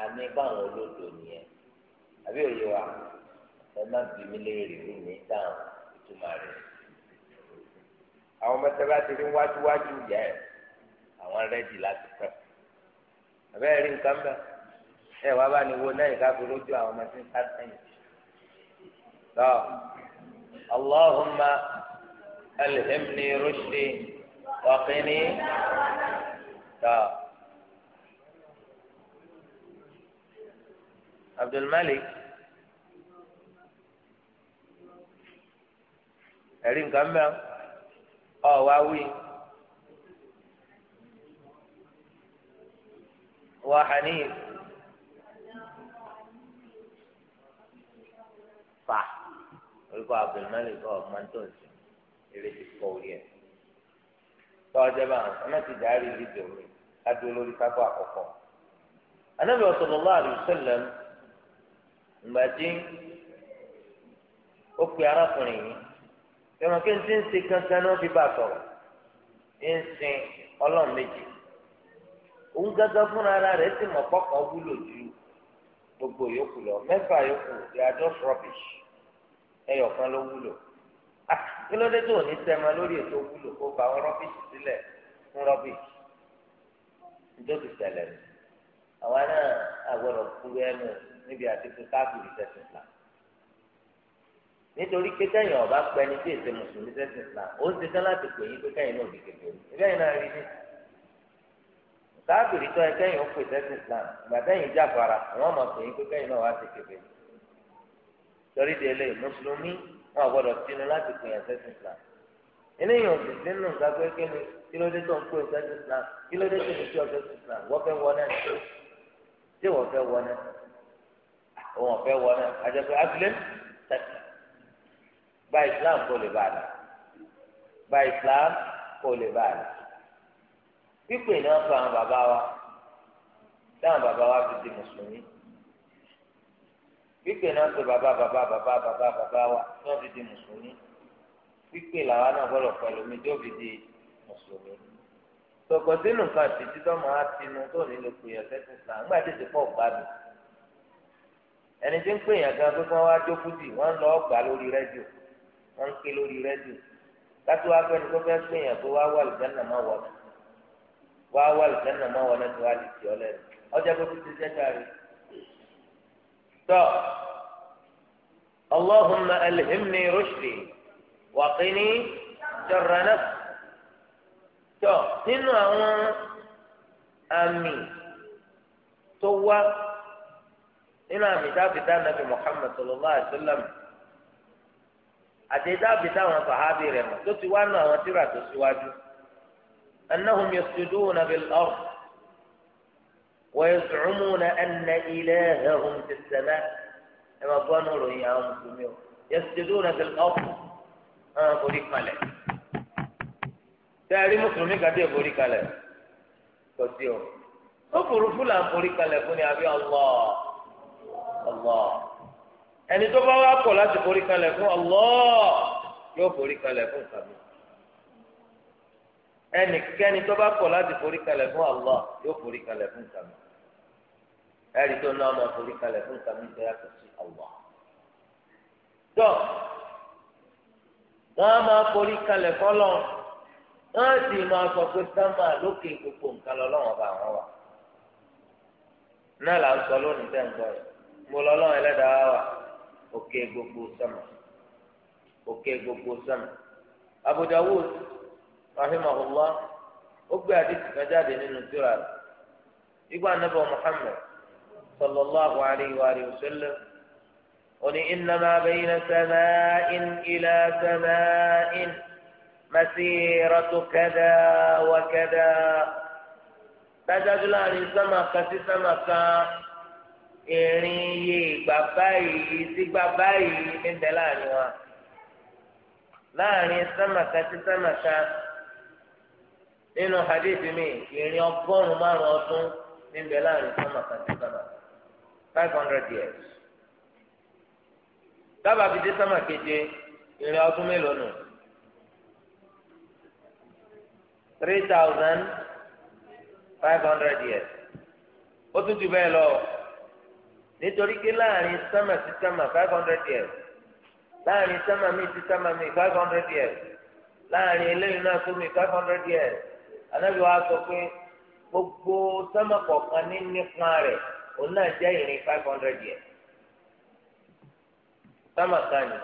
àmì báwọn olódò nìyẹn àbí òye wa ẹ má bí mi léèrè mí ní dáhùn ìtumọ̀ rẹ̀ àwọn ọmọ tẹ́lá ti rí wájúwájú yẹ àwọn rẹ́dì láti pẹ́ àbẹ́ rí nǹkan bẹ́ẹ̀ ẹ wá bá ní wo náà ìka fi lójú àwọn ọmọ ká sẹ́yìn tọ́ allahumma alhimni rushdi waqini tọ́. عبد الملك ẹ̀rí nǹkan mẹ́ ọ wá wí wá hanif fà orúkọ Abdul Malik ọ mọ́tòǹsì eré ti kọ́ orí ẹ̀ tọ́jọ́ bá wọn ọmọ ti dàrí ìdí òru adúlórí sábà àkọ́kọ́ anábìyàn sallallahu alaihi wasallam. ìgbà tí ó pe arákùnrin yìí fẹ́ràn kí n ti ń ṣe kankan náà fi bá a sọ̀rọ̀ ń sin ọlọ́run méjì òun gángan fúnra ara rẹ̀ sì mọ̀ pọ́kàn wúlò ju gbogbo yòókù lọ mẹ́fà yòókù they are just rubbish ẹyọ̀kan ló wúlò ah, kí ló dé tó ní sẹ́mọ lórí ètò wúlò kó fa àwọn rubbish sílẹ̀ fún rubbish nítorí ṣẹlẹ̀ àwọn náà àgbọ̀dọ̀ kúrú ẹnu níbi àti fún káàkiri sẹ́sìn islam nítorí pé kẹ́yìn ọba pẹ́ ní tí èsè mùsùlùmí sẹ́sìn islam ó ń ṣetán láti pè yín pé kẹ́yìn náà di kékeré ìbẹ́ yìí náà rí ní káàkiri tó ẹ kẹ́yìn ó pè sẹ́sìn islam ìgbà tẹ́yìn jáfara àwọn ọmọ pè yín pé kẹ́yìn náà wá ti kékeré torí délé mùsùlùmí wọn àgbọ́dọ̀ sínú láti pè yàn sẹ́sìn islam eléyìí ò sì sínú nǹkan kí òun ọ̀fẹ́ wọ náà àjẹpẹ́ abilé tẹ̀sán gba islam kó lè bàdà gba islam kó lè bàdà pípé náà fa àwọn bàbá wa táwọn bàbá wa fi di mùsùlùmí pípé náà fi bàbá bàbá bàbá bàbá bàbá wa
tí wọ́n fi di mùsùlùmí
pípé làwa náà gbọ́dọ̀ pẹ̀lú mi tí ó fi di mùsùlùmí tọkọtínú kan àti títọ́ máa tinú tó nílò pé ọ̀sẹ̀ ti sàn án gbàdé ti pọ̀ gbádùn ẹni tí ń pè yàn gan pé kí wọ́n wá jókòó dì wọ́n lọ gbà lórí rẹ́díò wọ́n ń ké lórí rẹ́díò kátó wá fẹ́ni tó fẹ́ pè yàn pé wá wà lùjánà má wọ̀ wá wà lùjánà má wọ̀ tó wá lè tì ọ́ lẹ́nu ọjọ́ bó ti ti kárí. tọ́ اللهم ألهمني رشدي وقني شر نفسي tọ́ nínú àwọn àmì tó wá nínú àmì dábìdá nàbì Muhammad sallallahu alaihi wasallam àti dábìdá àwọn sàhábì rẹ̀ mọ̀ tó ti wá nù àwọn tírà tó síwájú annahum yasjuduna bil ard wa yaz'umuna anna ilahahum fis sama' ẹ máa gbọ́ nù ròyìn àwọn mùsùlùmí o yasjuduna bil ard àwọn forí kalẹ̀ tẹ́ẹ̀rí mùsùlùmí kàdé forí kalẹ̀ kò sí o ó fòrúfú là ń forí kalẹ̀ àbí Allah. Allah ẹni tó bá wá pọ̀ láti forí kalẹ̀ fún Allah yóò forí kalẹ̀ fún Ẹni tó bá pọ̀ láti forí kalẹ̀ Allah yóò kalẹ̀ fún náà máa kalẹ̀ fún tó sọ pé lókè gbogbo nǹkan lọ́wọ́ bá wọn wà náà là ń sọ lónìí bẹ́ẹ̀ mọlọlọ ẹlẹdàá wa òkè gbogbo sọmọ òkè gbogbo sọmọ Abu Dawud rahimahullah ó gbé àdìsí kan jáde nínú tírà rẹ̀ igbó anabi Muhammad sallallahu alayhi wa sallam oní innama bayna sama'in ila sama'in masiratu kada wa kada dájájú láàrin sámà kan sí sámà kan ìrìn iye ìgbà báyìí sígbà báyìí ní bẹ láàrin wa láàrin sámàkà sí sámàkà nínú hadithi mi ìrìn ọgọ́rùn márùn ọdún ní bẹ láàrin sámàkà sí sámàkà five hundred years dábàá fi dé sámàkeje ìrìn ọdún mélòó nù three thousand five hundred years ó tún ju bẹ́ẹ̀ lọ nítorí pé láàrin sámà sí sámà five hundred years láàrin sámà mi sí sámà mi five hundred years láàrin eléyìí náà tó mi five hundred years anábì wa sọ pé gbogbo sámà kọ̀ọ̀kan ní nípa rẹ̀ òun náà jẹ́ ìrìn five hundred years sámà kan yìí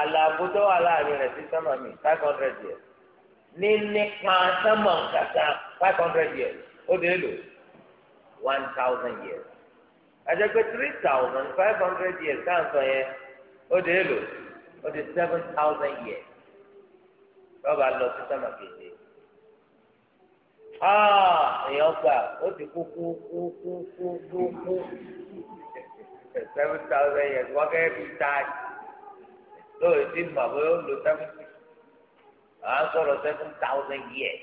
àlàbùtọ́ wà láàrin rẹ̀ sí sámà mi five hundred years ní nípa sámà kàkà five hundred years ó dé one thousand years àjẹpẹ́ three thousand five hundred years tá à ń sọ yẹn ó dé lò ó dé seven thousand years lọ́ba lọ sí sámà kejì ah, èèyàn gbà ó ti kú kú kú kú kú kú kú seven thousand years wọ́n kẹ́ bí táàgì lóòrè tí mà bóyá ó lò seventy à ń sọ̀rọ̀ seven thousand years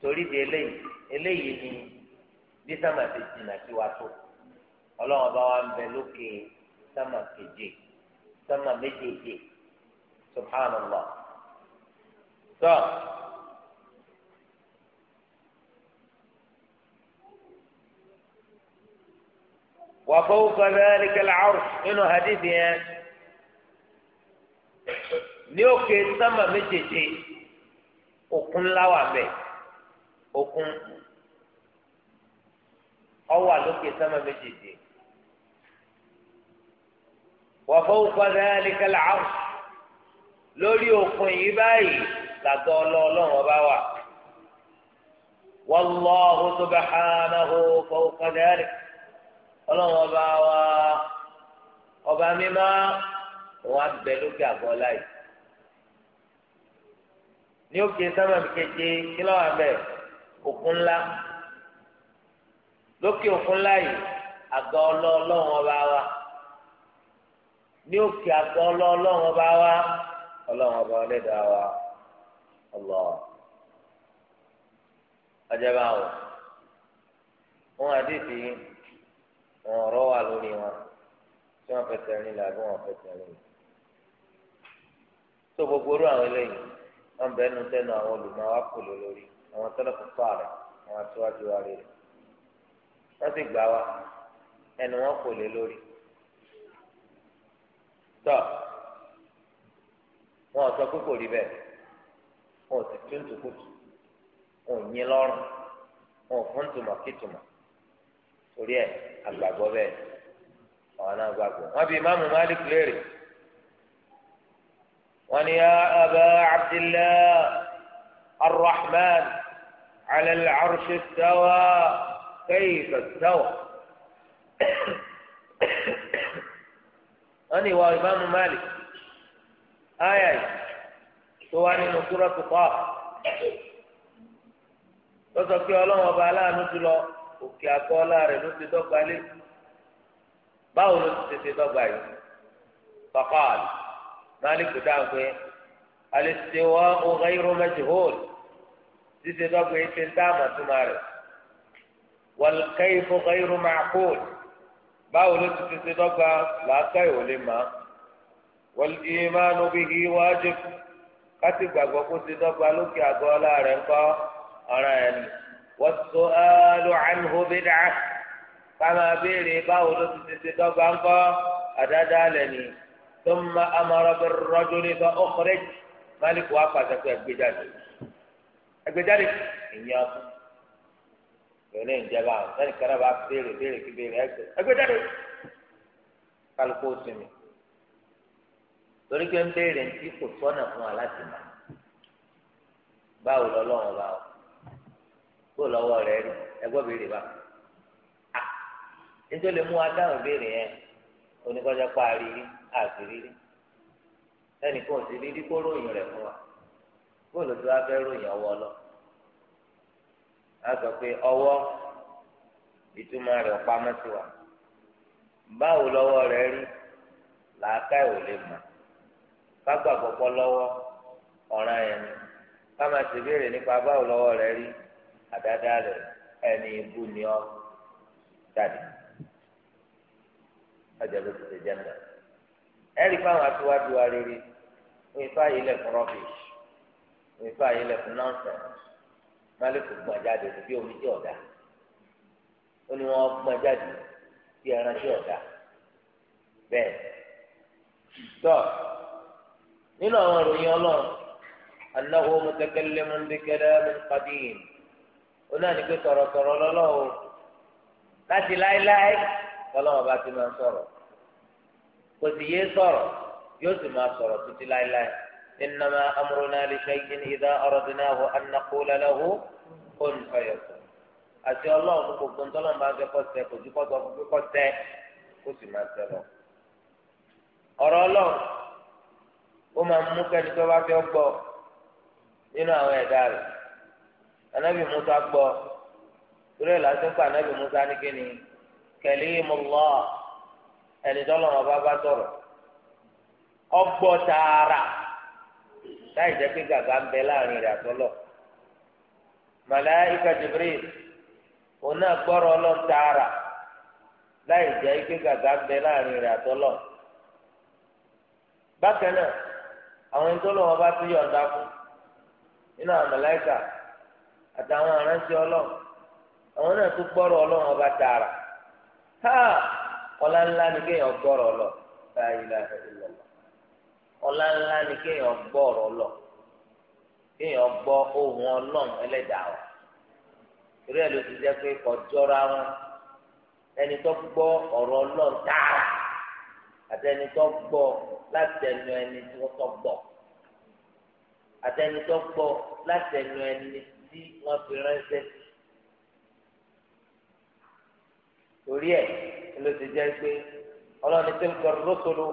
torí di eléyìí eléyìí ni bí sáma ti jìnnà sí wa tó ọlọ́run bá wa ń bẹ lókè sáma keje sáma méjèèjì subhanallah tó. وفوق ذلك العرش إنه حديث ní òkè sáma méjèèjì òkun láwà bẹ òkun ọwọ́ àlókè sánmà méjèèjì wa fawqa dhalika al-'arsh lórí òkun yìí báyìí làgọ́ ọlọ́ọ̀lọ́run ọba wà wallahu subhanahu fawqa dhalika ọlọ́run ọba wa ọba mímá wọn abẹ lókè àgọ́ láì ní òkè sánmà méjèèjì kí ló wà bẹ́ẹ̀ òkun ńlá lókè òkun láàyè àga ọlọ́ọ̀lọ́wọ́n ọba wa ní òkè àga ọlọ́ọ̀lọ́wọ́n ọba wa ọlọ́wọ́n ọba ọlẹ́dàá wa ọlọ́ ọjọba wọ wọn àdìsí wọn ọ̀rọ̀ wà lórí wọn tí wọn fẹsẹ̀ rìn lẹ àbí wọn fẹsẹ̀ rìn lẹ tó gbogbo orú àwọn eléyìí wọn bẹ ẹnu tẹnu àwọn olùmọ̀ wa kò lórí àwọn tẹlifù sọ àrẹ àwọn aṣíwájú wa rere wọ́n sì gbà wá ẹnu wọn kò lè lórí tọ́ wọn ò sọ pé kò rí bẹ́ẹ̀ wọn ò sì tún tùkùtù wọn ò yín lọ́rùn wọn ò fún tùmọ̀ kí tùmọ̀ torí ẹ̀ àgbàgbọ́ bẹ́ẹ̀ àwọn náà gbàgbọ́ wọn bí imáàmù Malik léèrè wọn ni Aba Abdillah Ar-Rahman ala al-arsh كيف استوى أني وإمام مالك آية سواني سورة طه
lọ́sọ̀ pé ọlọ́run ọba aláàánú
ti lọ òkè àgọ́ ọlá rẹ̀ ló ti dọ́gba lé báwo ló ti tètè dọ́gba yìí fàkàlì málìkù والكيف غير معقول báwo ló ti tètè dọ́gba làákà ìwò lè má wal-īmānu bihi wājib káti gbàgbọ́ kó ti dọ́gba lókè àgọ́ ọlá rẹ̀ ńkọ́ ọ̀ràn ẹ̀ ni was-su'ālu anhu bid'ah káma béèrè báwo ló ti tètè dọ́gba ńkọ́ àdáda lẹ̀ ni thumma amara bir-rajuli fa ukhrij Málíkù wá pàṣẹ ẹgbẹ́jáde ẹgbẹ́jáde ìyẹn ọkùnrin pẹ̀lú ìjẹba àwọn sẹ́ni kẹ́rẹ́ bá béèrè béèrè kí béèrè ẹgbẹ́ ẹgbẹ́ jáde kálukú sinmi torí pé ń béèrè ní kò sọ́nà fún wa láti mọ̀ báwo lọ́lọ́run bá wọ kó lọ́wọ́ rẹ rí ẹgbọ́ béèrè bá a nítorí lè mú wa dáhùn béèrè yẹn oníkọ́jà pa àrírí àṣírírí ẹnì kan ò sí rírí kó ròyìn rẹ̀ fún wa kó lóṣù wa fẹ́ ròyìn ọwọ́ ọlọ́ọ̀ a sọ pé ọwọ́ ìtumọ̀ rẹ̀ pamọ́ sí wa báwo lọ́wọ́ rẹ̀ rí làákà ò lè mọ̀ kágbàgbọ́ pọ́ lọ́wọ́ ọ̀ràn yẹn ni ká máa ṣe béèrè nípa báwo lọ́wọ́ rẹ̀ rí àdáadáa rẹ̀ ẹni ibú ni ọ́ jáde ọjọ́ ló ti ṣe jẹ́ mọ́ ẹ̀rí fáwọn aṣíwájú wa rere wọ́n ifá yìí lẹ̀ fún rọ́bìṣì ifá yìí lẹ̀ fún málìkù gbọ́n jáde bí omi tí ọ̀dà ó ní wọn gbọ́n jáde bí ẹran tí ọ̀dà bẹ́ẹ̀ tọ́ nínú àwọn ìròyìn ọlọ́run anáwó mọ̀tẹ́kẹ́lẹ́ mọ́ bí ó náà ní pé láti láéláé bá ti máa kò إنما أمرنا لشيء إذا أردناه أن نقول له كن فيكون àti ọlọ́run gbogbo ńtọ́lọ́run bá ń fẹ́ kọ́ sẹ́ kò ju kọ́ sọ fún kíkọ́ sẹ́ kó sì máa sẹ́ lọ. ọ̀rọ̀ ọlọ́run ó máa mú kẹ́ni tó bá fẹ́ gbọ́ nínú àwọn ẹ̀dá rẹ̀ anábì musa gbọ́ torí ẹ̀ lásán pa anábì musa ní kíni kalimullah ẹni tọ́lọ́run ọba bá sọ̀rọ̀ ọgbọ́ tààrà. láì jẹ́ pé gàgà ń bẹ láàrin rẹ̀ àtọ́lọ̀ màláìka jibril òun náà gbọ́rọ̀ ọlọ́run tààrà láì jẹ́ pé gàgà ń bẹ láàrin rẹ̀ àtọ́lọ̀ bákan náà àwọn ìtọ́lọ̀ wọn bá ti yọ̀ǹda fún nínú àwọn màláìka àtàwọn ọlọ́run àwọn náà tún ọlọ́run ọba tààrà ha ọlá ńlá ni kéèyàn ọlá ńlá ni kéèyàn gbọ́ ọ̀rọ̀ lọ kéèyàn gbọ́ ohùn ọlọ́run ẹlẹ́dàá wa torí ẹ̀ ló ti jẹ́ pé kọjọ́ra wọn ẹni tó gbọ́ ọ̀rọ̀ ọlọ́run tààrà àti ẹni tó gbọ́ láti ẹnu ẹni tí wọ́n gbọ́ àti ẹni tó gbọ́ láti ẹnu ẹni
tí wọ́n fi ránṣẹ́
torí ẹ̀ ló ti jẹ́ pé ọlọ́run ti ń kọ́ rọ́sọ̀rọ̀.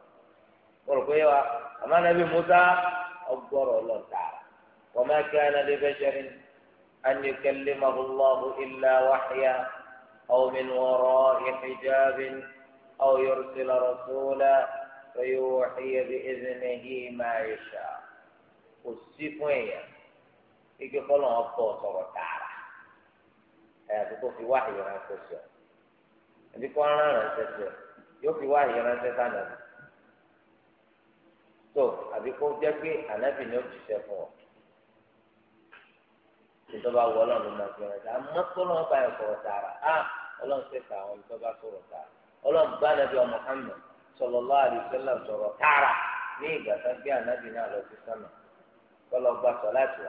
mo rò pé wa àmọ́ nàbí musa ọgbọ́rọ̀ ọlọ́ta wa ma kana li basharin an yukallimahu Allahu illa wahya aw min wara'i hijabin aw yursila rasula fayuhi bi'iznihi ma yasha kò sí fún èèyàn ike kọlọ wọn kọ sọ̀rọ̀ tààrà ẹyàtọ̀ kò fi wáyé ránṣẹ́ sí ọ ẹbí kọ ránṣẹ́ sí ọ yóò fi wáyé ránṣẹ́ sànàbí tó àbí kó jẹ́ pé ànábì ni ó ti fún ọ. ìjọba wọ ọlọ́run máa fi ọ̀rọ̀ dáa mọ́tòló wọn bá á ah! ọlọ́run ṣe ta àwọn ìjọba sọ̀rọ̀ tààrà ọlọ́run bá ànábì ọmọ tààrà ní ìgbà tó gbé ànábì náà lọ sí sánà gba sọ láti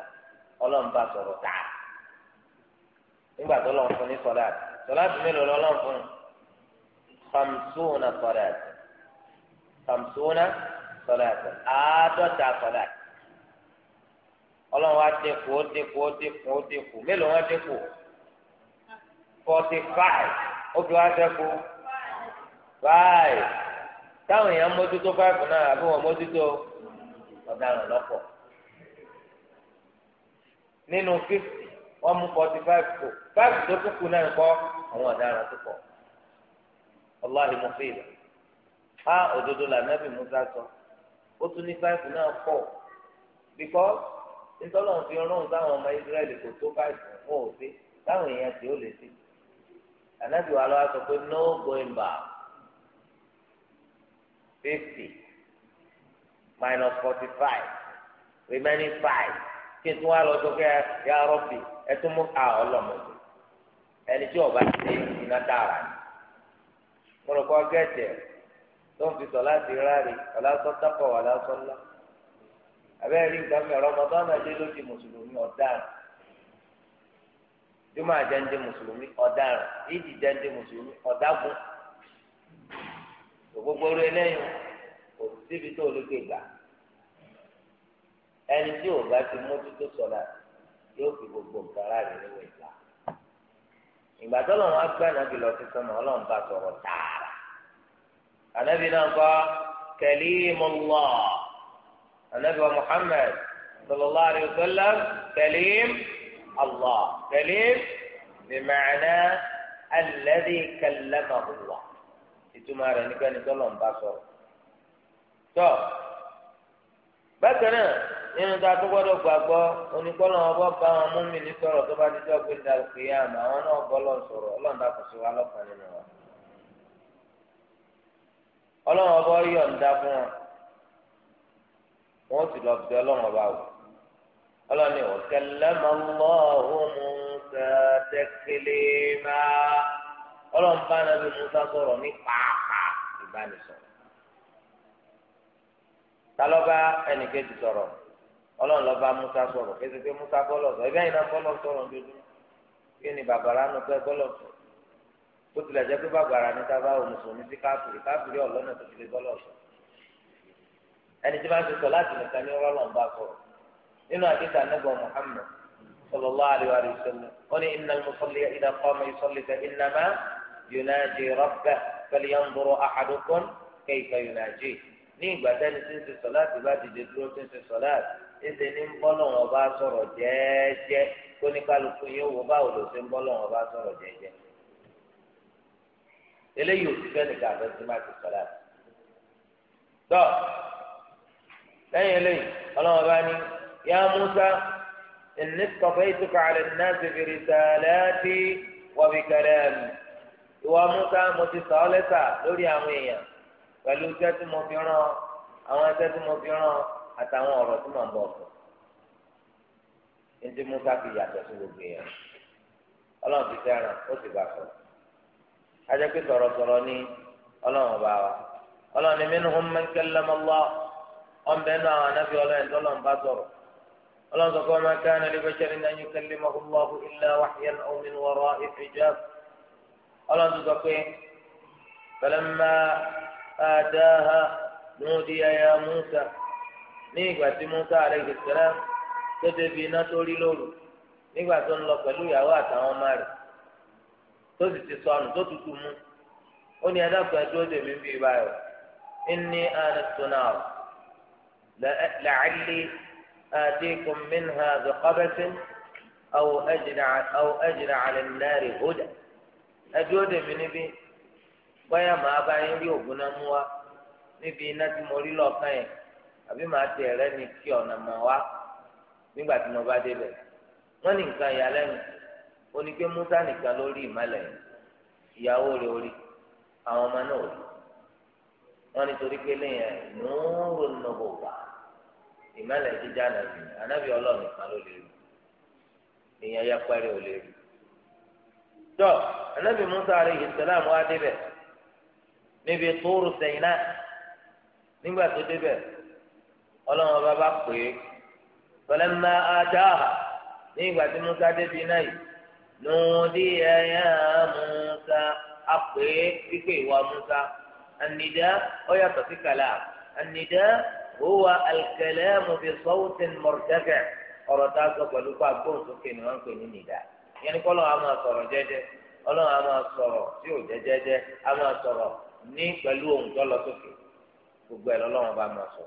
bá sọlá ẹ̀sẹ̀ àádọ́ta sọlá ọlọ́run wa dínkù ó dínkù ó dínkù ó mélòó forty five ó fi wá sẹ́kù five táwọn èèyàn five náà àbí wọn mójútó ọ̀daràn lọ́pọ̀ nínú fifty wọ́n mú forty five kù five tó tún kù náà kọ́ àwọn ọ̀daràn tó pọ̀ ọlọ́run mo fi Musa sọ. ó tún ní five náà pọ̀ because ntọ́lọ́run fi rán sáwọn ọmọ Ísírẹ́lì kò tó five fún òfin táwọn èèyàn tí ó lè sí ànábì wa lọ́wọ́ sọ pé no going back fifty minus forty five remaining five kí n tún wá lọ sókè ya rọ́bì ẹ tún mú ká ọlọ́mọdé ẹni tí ọba ti ṣe iná dára ni mo rò pé ọgẹ́tẹ̀. tó ń fi ti láti ráre ọ̀làsọ́ dápọ̀ wà lásán ńlá abẹ́rẹ́ rí nǹkan mẹ́rin Ramadan náà lé lóde mùsùlùmí ọ̀daràn jùmọ̀ àjẹǹde mùsùlùmí ọ̀daràn ìdí jẹǹde mùsùlùmí ọ̀dágun gbogbo kò síbi tó gbà ẹni tí ò bá ti mójútó yóò fi gbogbo nǹkan rárẹ̀ níwọ̀ gbaa. ìgbà tó lọ́wọ́ bí lọ́ọ́ ti sọ́nà ọlọ́run bá anabi náà kọ́ kalimullah anabi wa muhammad sallallahu alayhi wa sallam kalim allah kalim bimacna alladhi kallamahu allah ìtumọ̀ rẹ̀ nígbà ní tọ́lọ̀ ń bá sọ̀rọ̀ tọ́ bákan náà nínú tá a tó gbọ́dọ̀ gbàgbọ́ oníkọlọ ọbọ bá wọn mú mi ní sọ̀rọ̀ tó bá ti dọgbẹ dàgbé yá àmọ́ àwọn náà bọ lọ sọ̀rọ̀ Ọlọ́run dàpọ̀ sí wa lọ́kàn nínú wa. ọlọ́run ọba yọ̀ǹda fún wọn wọn sì lọ bẹ ọlọ́run ọba wò ọlọ́run ni ọ̀kẹ́lẹ́mọ lọ́ọ̀hún Musa tẹ́kẹ́lẹ́ máa ọlọ́run bá nàbí Musa sọ̀rọ̀ ní pàápàá ìbánisọ̀rọ̀ talọ́ba ẹnìkejì sọ̀rọ̀ ọlọ́run lọ́ba Musa sọ̀rọ̀ kí ẹ ti pé Musa bọ́lọ̀ sọ̀rọ̀ ẹ̀bí ẹ̀yin náà bọ́lọ̀ sọ̀rọ̀ dúdú kí ni bàbá ránú pẹ́ bọ́lọ̀ sọ̀rọ̀ bó tilẹ̀ jẹ́ pé bàbàrà ní tá a bá wò mùsùlùmí sí káfìrí káfìrí ọ̀lọ́nà tó ti lè bọ́lọ̀ ṣọ. ẹni tí wọ́n ti sọ láti nìkan ní rọ́lọ̀ ń bá sọ̀rọ̀ nínú àdìsá nígbà Muhammad sallallahu alaihi wa sallam ó ní innal musalli idha qama yusalli fa innama yunaji rabbahu falyanzuru ahadukum kayfa yunaji ní ìgbà tẹ́ni tí ń ṣe sọ láti bá dìde dúró tí ń ṣe sọ láti ẹsẹ̀ ní ń bọ́ bá sọ̀rọ̀ jẹ́ẹ́jẹ́ kóníkálukú yóò wọ báwo ló ṣe ń bọ́ lọ́wọ́ bá sọ̀rọ̀ jẹ́ẹ́jẹ́ eléyìí ò sí fẹ́ni ká àbẹ tí má ti sọ láti. tọ́ lẹ́yìn eléyìí ọlọ́run bá ní yá Musa inni istafaytuka ala an-nasi bi risalati wa bi kalami. ìwọ Musa mo ti sọ ọ́ lẹ́sà lórí àwọn èèyàn pẹ̀lú iṣẹ́ tí mo fi rán àwọn iṣẹ́ tí mo fi rán àtàwọn ọ̀rọ̀ tí mò ń bọ̀ sọ. ní ti Musa fi yàtọ̀ sí gbogbo èèyàn ọlọ́run ti fẹ́ràn ó sì bá sọ̀rọ̀ ajẹ́ pé sọ̀rọ̀sọ̀rọ̀ ni ọlọ́run bá wa ọlọ́run ni minhum man kallama Allah ọ̀nbẹ́ náà àwọn anábì ọlọ́run tó lọ́n bá sọ̀rọ̀ ọlọ́run sọ̀kọ́ ma kana li basharin an yukallimahu Allahu illa wahyan aw min wara'i hijab ọlọ́run sọ pé falamma ataha nudiya ya Musa ní ìgbà tí Musa alayhi salam tó sì ti sọnù tó tutù mu ó ní adáko ẹdúró tèmi bíi inni anastu náà làálí àdínkù minha bìkọ́bẹ́sì àwọn ẹ̀jìnà àlẹ́ nàárì hódà ẹdúró tèmi níbí bóyá màá bá yín rí ògùn náà mú wa níbi iná tí mo rí lọ́ọ̀kan yẹn àbí màá tẹ̀ rẹ́ ni kí ọ̀nà mọ̀ wá nígbà tí mo bá débẹ̀ wọ́n ní nǹkan ìyàlẹ́nu. ó ní pé musa nìkan ló rí ìmọ̀lẹ̀ ìyàwó rẹ̀ orí àwọn ọmọ náà rí wọn nítorí pé lẹ́yìn nùúrù nùbọ̀ wà ìmọ̀lẹ̀ jíjà nàbì ànábì ọlọ́run nìkan ló lè rí èèyàn ya pẹ́rẹ́ ò lè rí tọ́ ànábì musa alayhi salam wá débẹ̀ níbi tóórù sẹ́yìn náà nígbà tó débẹ̀ ọlọ́run ọba bá pè é pẹlẹ́mà ádáhà ní tí musa débi náà yìí. نودي يا موسى أقوي بكي وموسى النداء ويعطي كلام النداء هو الكلام بصوت مرتفع ọ̀rọ̀ta sọ pẹ̀lú kó agbóhùnsókè ni wọ́n ń pè ní nìdá yẹn ni kọ́ lọ́wọ́ a máa sọ̀rọ̀ jẹ́jẹ́ ọlọ́run a máa sọ̀rọ̀ tí ò jẹ́ jẹ́jẹ́ a máa sọ̀rọ̀ ní pẹ̀lú ohun tó lọ sókè gbogbo ẹ̀ lọ́lọ́run bá máa sọ.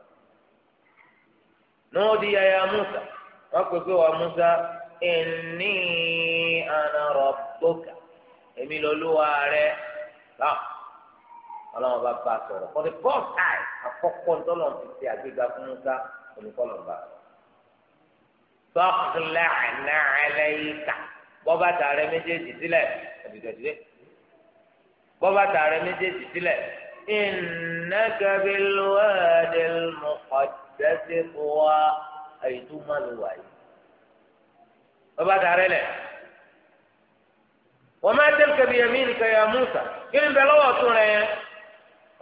nùdí yaya musa wọ́n pè pé wà musa inni ana rabbuka èmi lọ́lúwa rẹ̀ báwọn ọlọ́run bá bá sọ̀rọ̀ for the first time àkọ́kọ́ ntọ́lọ́n ti ṣe àgbéga fún musa olùkọ́lọ́n bá sọ̀rọ̀ sọ́kìlẹ̀ àìnáàlẹ́ yìí kà bọ́bá tààrẹ méjèèjì sílẹ̀ ẹ̀dùdẹ̀dùdẹ̀ bọ́bá tààrẹ méjèèjì sílẹ̀ ìnàkàbílwádìí mọ̀kọ́dẹ́sẹ̀ wá àyètúmọ̀lùwà ọba darẹ lẹ wọn máa tẹ kẹbi ẹmí nìkan ya musa kí ni bẹ lọ́wọ́ tún rẹ yẹn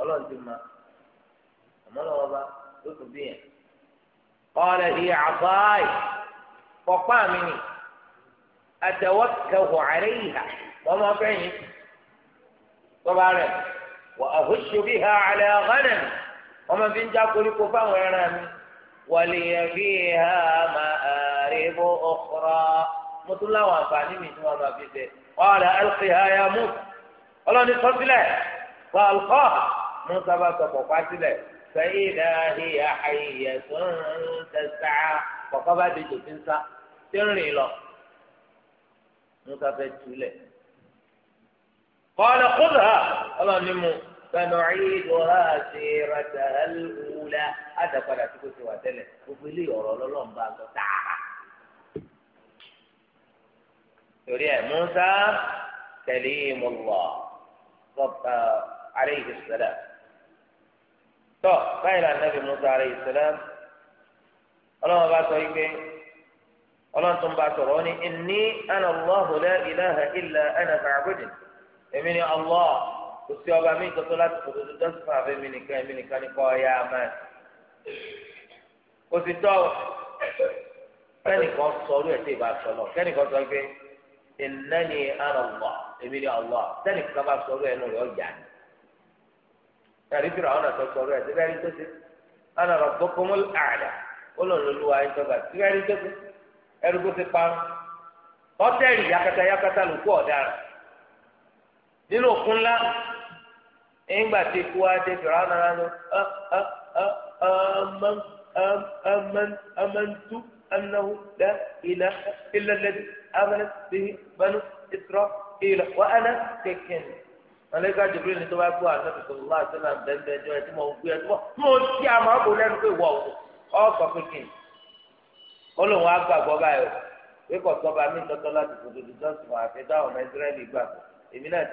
Ọlọ́run ti ma àmọ́ lọ́wọ́ bá ló tún bí yẹn ọlẹ ìyá àbáyé pọpá mi ni àtẹwọ kẹwọ àrẹ yìí hà wọn máa fẹ yín tọba rẹ wà àhóṣe ha àlẹ ọgánà mi wọn máa fi ń já koríko fáwọn ẹran mi wọlé yẹn fi hà máa àríwó ọ̀kọ́rọ́ mo tún láwọn àǹfààní mi tí wọ́n máa fi ṣe ọ̀rẹ́ alqihaya mú ọlọ́ni sọ sílẹ̀ wà alùpọ̀ mú sábà sọ̀kọ̀ pa sílẹ̀ sẹ́yìnà hìyà àyè tó ń tẹ̀sà kọ̀kọ́ bá di jòfì ń sá tí ń rìn lọ mú sáfẹ́ túlẹ̀ kọ́ni kúndà ọlọ́ni mú sanuciduha sirataha al-ula àtàkpadà tó kó ti wà tẹ́lẹ̀ gbogbo ilé ọ̀rọ̀ ọlọ́lọ́mbà lọ tààrà. torí ẹ̀ Musa kalimullah sọ́kà uh, alayhi salam tọ́ báyìí la nàbì Musa alayhi salam ọlọ́wọ́n bá sọ yìí pé ọlọ́wọ́n tó ń bá sọ̀rọ̀ ó ní inni ana Allahu la ilaha illa ana fa'budin èmi ni Allah kò sí ọba mi tọ́tọ́ láti kò tó dọ́sí fún abẹ́ mi nìkan èmi nìkan ní kọ́ ọ̀yá máa kò sì tọ́ kẹ́nìkan sọ ọdún ẹ̀ tẹ́ ìbá sọ lọ kẹ́nìkan sọ pé ìnáni àràwọ èmi ni ọwọ sẹni kan bá sọ̀rọ̀ ẹnu rẹ̀ ọjà ni ẹrí fìrà ọ̀nà tó sọ̀rọ̀ ẹ síbẹ̀ ẹrí tó ṣe ọ̀nà rẹ̀ gbọ́kọ́mọ́ àdá ó lọ lọ́lọ́wọ́ ayé tọ́gbà síbẹ̀ ẹrí tó ṣe ẹrí tó ṣe parun ọtẹ́ẹ̀lì yakata yakata ló kú ọ̀daràn nínú òkun ńlá nígbà tí ikú wa dé fìrà ọ̀nà rẹ̀ lọ ọmọ ọmọ ọmọ ntú anáwó dá ìlà ìlẹ̀lẹ́dẹ́. آمنت به بنو إسرائيل قيل وأنا سكن malayika jibril ni tó bá gbọ́ àti ọ̀sọ̀rọ̀ na àti ọ̀nà bẹ́ẹ̀ jọ ẹtí mọ̀ gbé na mọ̀ mọ̀ ó ti àmọ́ àbò lẹ́nu pé wọ̀ ọ́ sọ pé kí ni ó lóun á gbàgbọ́ báyìí o pé kò sọba mí tọ́tọ́ láti kó dodo jọ́sìn wọn àfi dáhùn ọmọ ìsírẹ́lì gbà èmi náà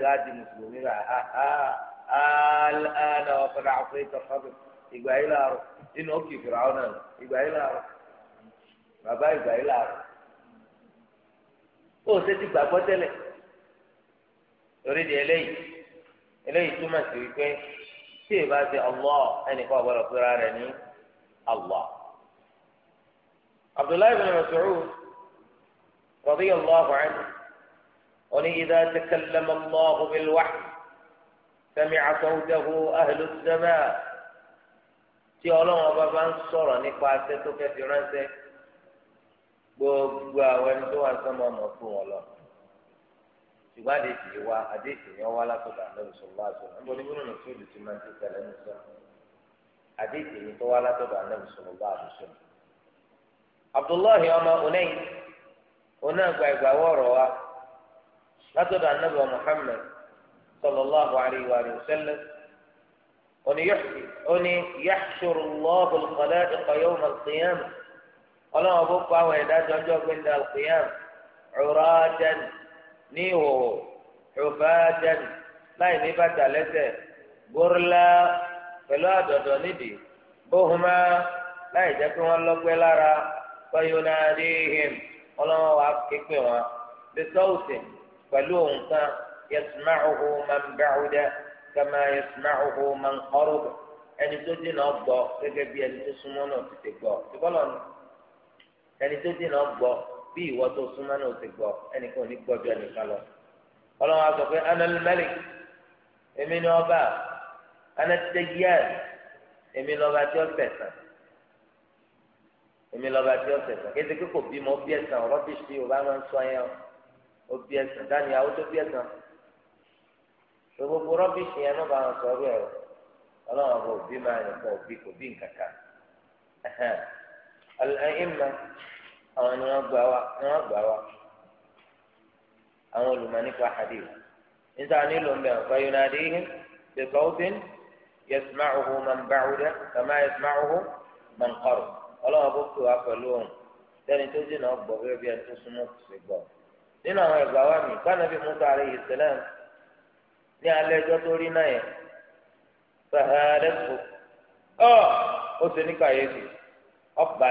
ti wá ó ṣe ti gbàgbọ́ tẹ́lẹ̀ torí di eléyìí eléyìí túmọ̀ sí wípé tí èèbá ṣe Allah ẹnìkan ọ̀gbọ́dọ̀ pera rẹ̀ ní Allah. Abdullahi bin Mas'ud radiyallahu anhu oní idha takallama Allahu bil wahy sami'a sawtahu ahlu as-sama' tí ọlọ́run ọba bá ń sọ̀rọ̀ nípa aṣẹ́ tó fẹ́ fi ránṣẹ́ gbogbo àwọn ẹni tó wà sọmọ ọmọ fún wọn lọ ṣùgbọ́n àdéhìí wa àdéhìí yẹn wá látọ̀dọ̀ ànábì sọ̀rọ̀ àti ọ̀nà níbo ni mímú nìkú ìlú ti máa ń ti tẹ̀lé ní sọ̀rọ̀ àdéhìí yẹn tó wá látọ̀dọ̀ ànábì sọ̀rọ̀ àti sọ̀rọ̀. abdullahi ọmọ onayin ona gba ìgbà wọ̀rọ̀ wa látọ̀dọ̀ ànábì muhammed sallallahu alayhi wa sallam oni yaxṣuru allahu alqalaa'iqa alqiyamah ọlọ́run bó kó àwọn ẹ̀dá jọjọ́ gbẹ̀ndà òkèèyàn ọ̀rọ̀ọ́dẹ́n ní ìhòòhò ọ̀fẹ́ẹ́dẹ́n láì ní bàtà lẹ́sẹ̀ gbórúlá pẹ̀lú àdọ̀dọ̀ nídìí bóhùnmá láì jẹ́ pé wọ́n lọ́gbẹ́ lára fọyọ́nà àdéhìm ọlọ́run wàá képe wọn bísọ́ọ̀sì pẹ̀lú òǹkan yẹsùmáhùhù máa ń kàmá yẹsùmáhùhù máa ń ẹni tó dín ẹni tó dín náà gbọ́ bí ìwọ tó súnmọ́ náà ti gbọ́ ẹnìkan ò ní gbọ́ ju ẹnìkan lọ. ọlọ́run á sọ pé anal malik èmi ni ọba anatẹ́gíàn èmi lọ́ba tí ó sẹ̀sán èmi lọ́ba tí ó sẹ̀sán kéde kí kò bímọ bí ẹ̀sán rọ́bìṣì tí yorùbá máa ń sọ yẹn ó bí ẹ̀sán dání àwọn tó bí ẹ̀sán gbogbo rọ́bìṣì yẹn ló bá wọn sọ ọrú ẹ̀ ọlọ́run ọba òbí máa yẹn kọ́ òbí kò bí nǹkan kan àwọn ni wọ́n gbà wá ni wọ́n gbà wá àwọn olùmọ̀ nípa hadith níta nílò mbẹ́ ọ̀fà yunadihim bi sawtin yasma'uhu man ba'uda kama yasma'uhu man qarib ọlọ́wọ́n bó pè wá pẹ̀lú òun sẹ́ni tó dì náà gbọ́ gẹ́gẹ́ bí ẹni tó súnmọ́ kò sí gbọ́ nínú àwọn ẹ̀gbà wa mi kánàbí musa alayhi salam ní alẹ́ ẹjọ́ tó rí náà yẹn fẹ́ẹ́ lẹ́kọ̀ọ́ ó ti ní kàyéfì ọ̀pọ̀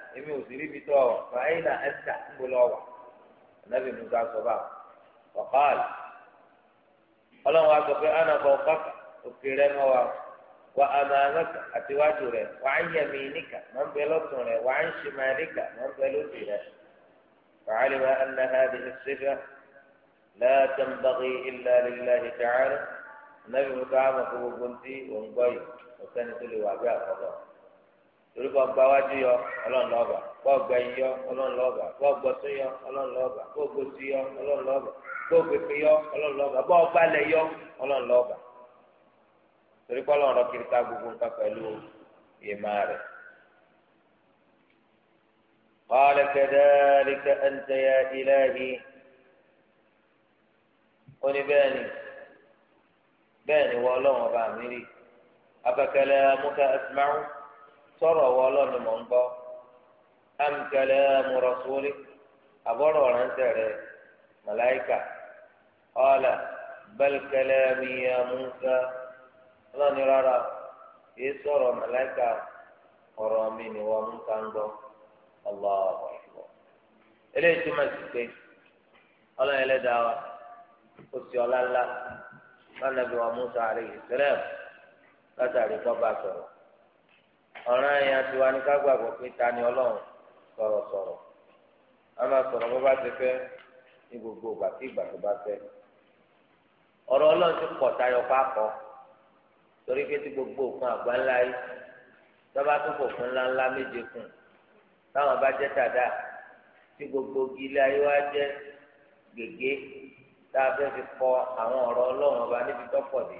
èmi ò sì rí ibi tó ọ fàáyínà ẹsà ń bọ lọ wà ànábì musa sọ bá wàhálà ọlọ́run wa sọ pé ana bọ̀ bàkà òkè rẹ mọ́ wa wa amànàkà àtiwájú rẹ wà á yẹmi níkà máa bẹ lọ́tún rẹ wà á ń ṣèmá níkà máa bẹ lóṣì rẹ fàálì wa anna hadi ṣẹfẹ látàn ilà lílà ìtàárẹ ànábì musa àmọ̀ kó gbogbo ntí òǹgbọ́ yìí ọ̀sẹ́ni tó lè wà bí àkọ́kọ́. torí bọ́ gba wájú yọ ọlọ́run lọ́ọ̀bà bọ́ gba ẹyin yọ ọlọ́run lọ́ọ̀bà bọ́ yọ ọlọ́run lọ́ọ̀bà bọ́ yọ ọlọ́run lọ́ọ̀bà bọ́ yọ ọlọ́run lọ́ọ̀bà yọ torí kọ́ ká gbogbo nǹkan pẹ̀lú ìmá rẹ̀. sọ̀rọ̀ wọ ọlọ́ni mọ̀ ń gbọ́ amkẹlẹ́ mọ̀rọ̀sọ́rí àbọ̀rọ̀ ránṣẹ́ rẹ̀ màláìkà ọ̀là bẹ́lkẹlẹ́ miya musa ọlọ́ni rárá yìí sọ̀rọ̀ màláìkà ọ̀rọ̀ mi ni wọ́n mú ká ń gbọ́ ọlọ́ọ̀bọ̀ ìfọ̀ eléyìí túmọ̀ sí pé ọlọ́ni ẹlẹ́dàá wa ó sì ọlá ńlá lánàbí wa musa àríyí sẹ́lẹ̀m látàrí kọ́ bá sọ̀rọ̀. ọ̀ràn yẹn ti wá ní ká gbàgbọ́ pé ta ni ọlọ́run sọ̀rọ̀ sọ̀rọ̀ a máa sọ̀rọ̀ bó bá ti fẹ́ ní gbogbo ìgbà tí ìgbà tó bá fẹ́ ọ̀rọ̀ ọlọ́run ti pọ̀ tayọ pápọ̀ torí pé tí gbogbo òkun àgbá ńlá yìí tọ́ba tó kò fún ńláńlá méje kù. táwọn bá jẹ́ tàdá tí gbogbo gílé ayé wá jẹ́ gègé tá a fẹ́ fi kọ àwọn ọ̀rọ̀ ọlọ́run ọba níbi tọ́pọ̀ dé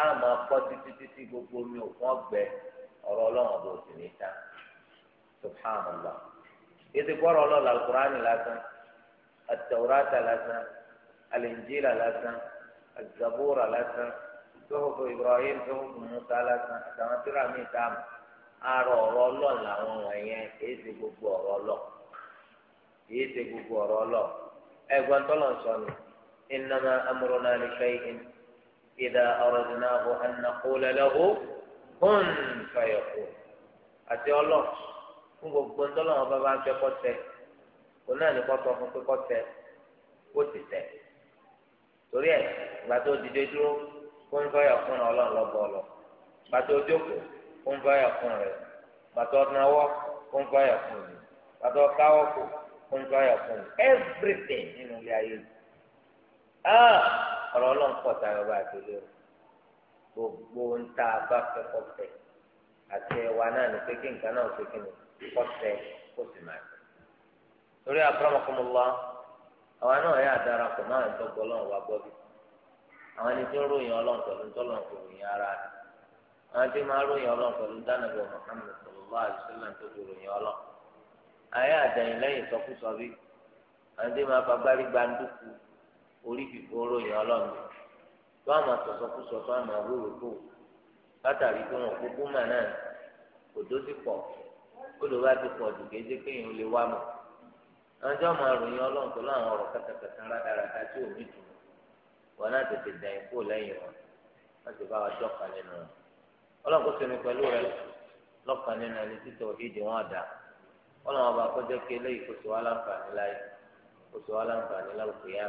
á máa kọ́ títí títí gbogbo omi òkun ọ̀gbẹ́ ọ̀rọ̀ ọlọ́run ọ̀bọ̀ òsì ní ta subhanallah yìí ti kọ́rọ̀ ọlọ́run alukurani lásán atawurata lásán alinjila lásán azabura lásán tóhùfù ibrahim tóhùfù musa lásán àtàwọn tíra mi ta mọ arọ ọ̀rọ̀ ọlọ́run làwọn wọ̀nyẹn yìí ti gbogbo ọ̀rọ̀ ọlọ́run yìí ti gbogbo ọ̀rọ̀ ọlọ́run ẹ̀gbọ́n tọ́lọ̀ sọ̀nù innama amruna li shay'in idha aradnahu an naqula lahu kún fàyẹ̀kù àti ọlọ́ fún gbogbo ńdọ́lọ́wọ́ bá bá ń fẹ́ kọ́ tẹ kò náà ní kọ́ sọ fún pé kọ́ tẹ kó ti tẹ torí ẹ̀ ìgbà tó dìde dúró kún fàyẹ̀kù rẹ̀ ọlọ́run lọ́gbọ́ ọlọ́ ìgbà tó jókòó kún fàyẹ̀kù rẹ̀ ìgbà tó náwó kún fàyẹ̀kù rẹ̀ ìgbà tó káwọ́ kù kún fàyẹ̀kù rẹ̀ everything nínú ilé ayé yìí ah! ọ̀rọ̀ ọlọ́run pọ̀ tayọ̀ bá a ti lérò. gbogbo ń tá a bá fẹ́ kọ́ tẹ̀ àti ẹwà náà ní pékin nǹkan náà pékin ní náà yà dára pọ̀ náà lọ́wọ́ wa gbọ́ bí àwọn ẹni tó ròyìn ọlọ́run pẹ̀lú tọ́lọ́run kò ara rẹ̀ àwọn tí máa ròyìn ọlọ́run pẹ̀lú dánàbẹ̀ Muhammad sallallahu alaihi wasallam tó tó àmà sọ̀sọ̀kúsọ tó àmà wúròkó látàrí pé wọn kúkú mà náà òdó ti pọ̀ kódò bá ti pọ̀ jù kéde pé èèyàn lè wá mọ̀ ọjọ́ máa ròyìn ọlọ́run kàtàkàtà rádaràdà tí ò ní dùn wọn náà tètè dẹ̀yìn kó wọn bá wa kan nínú wọn sinmi rẹ nínú ẹni ìdí wọn dà ọba kọjá láǹfààní láyé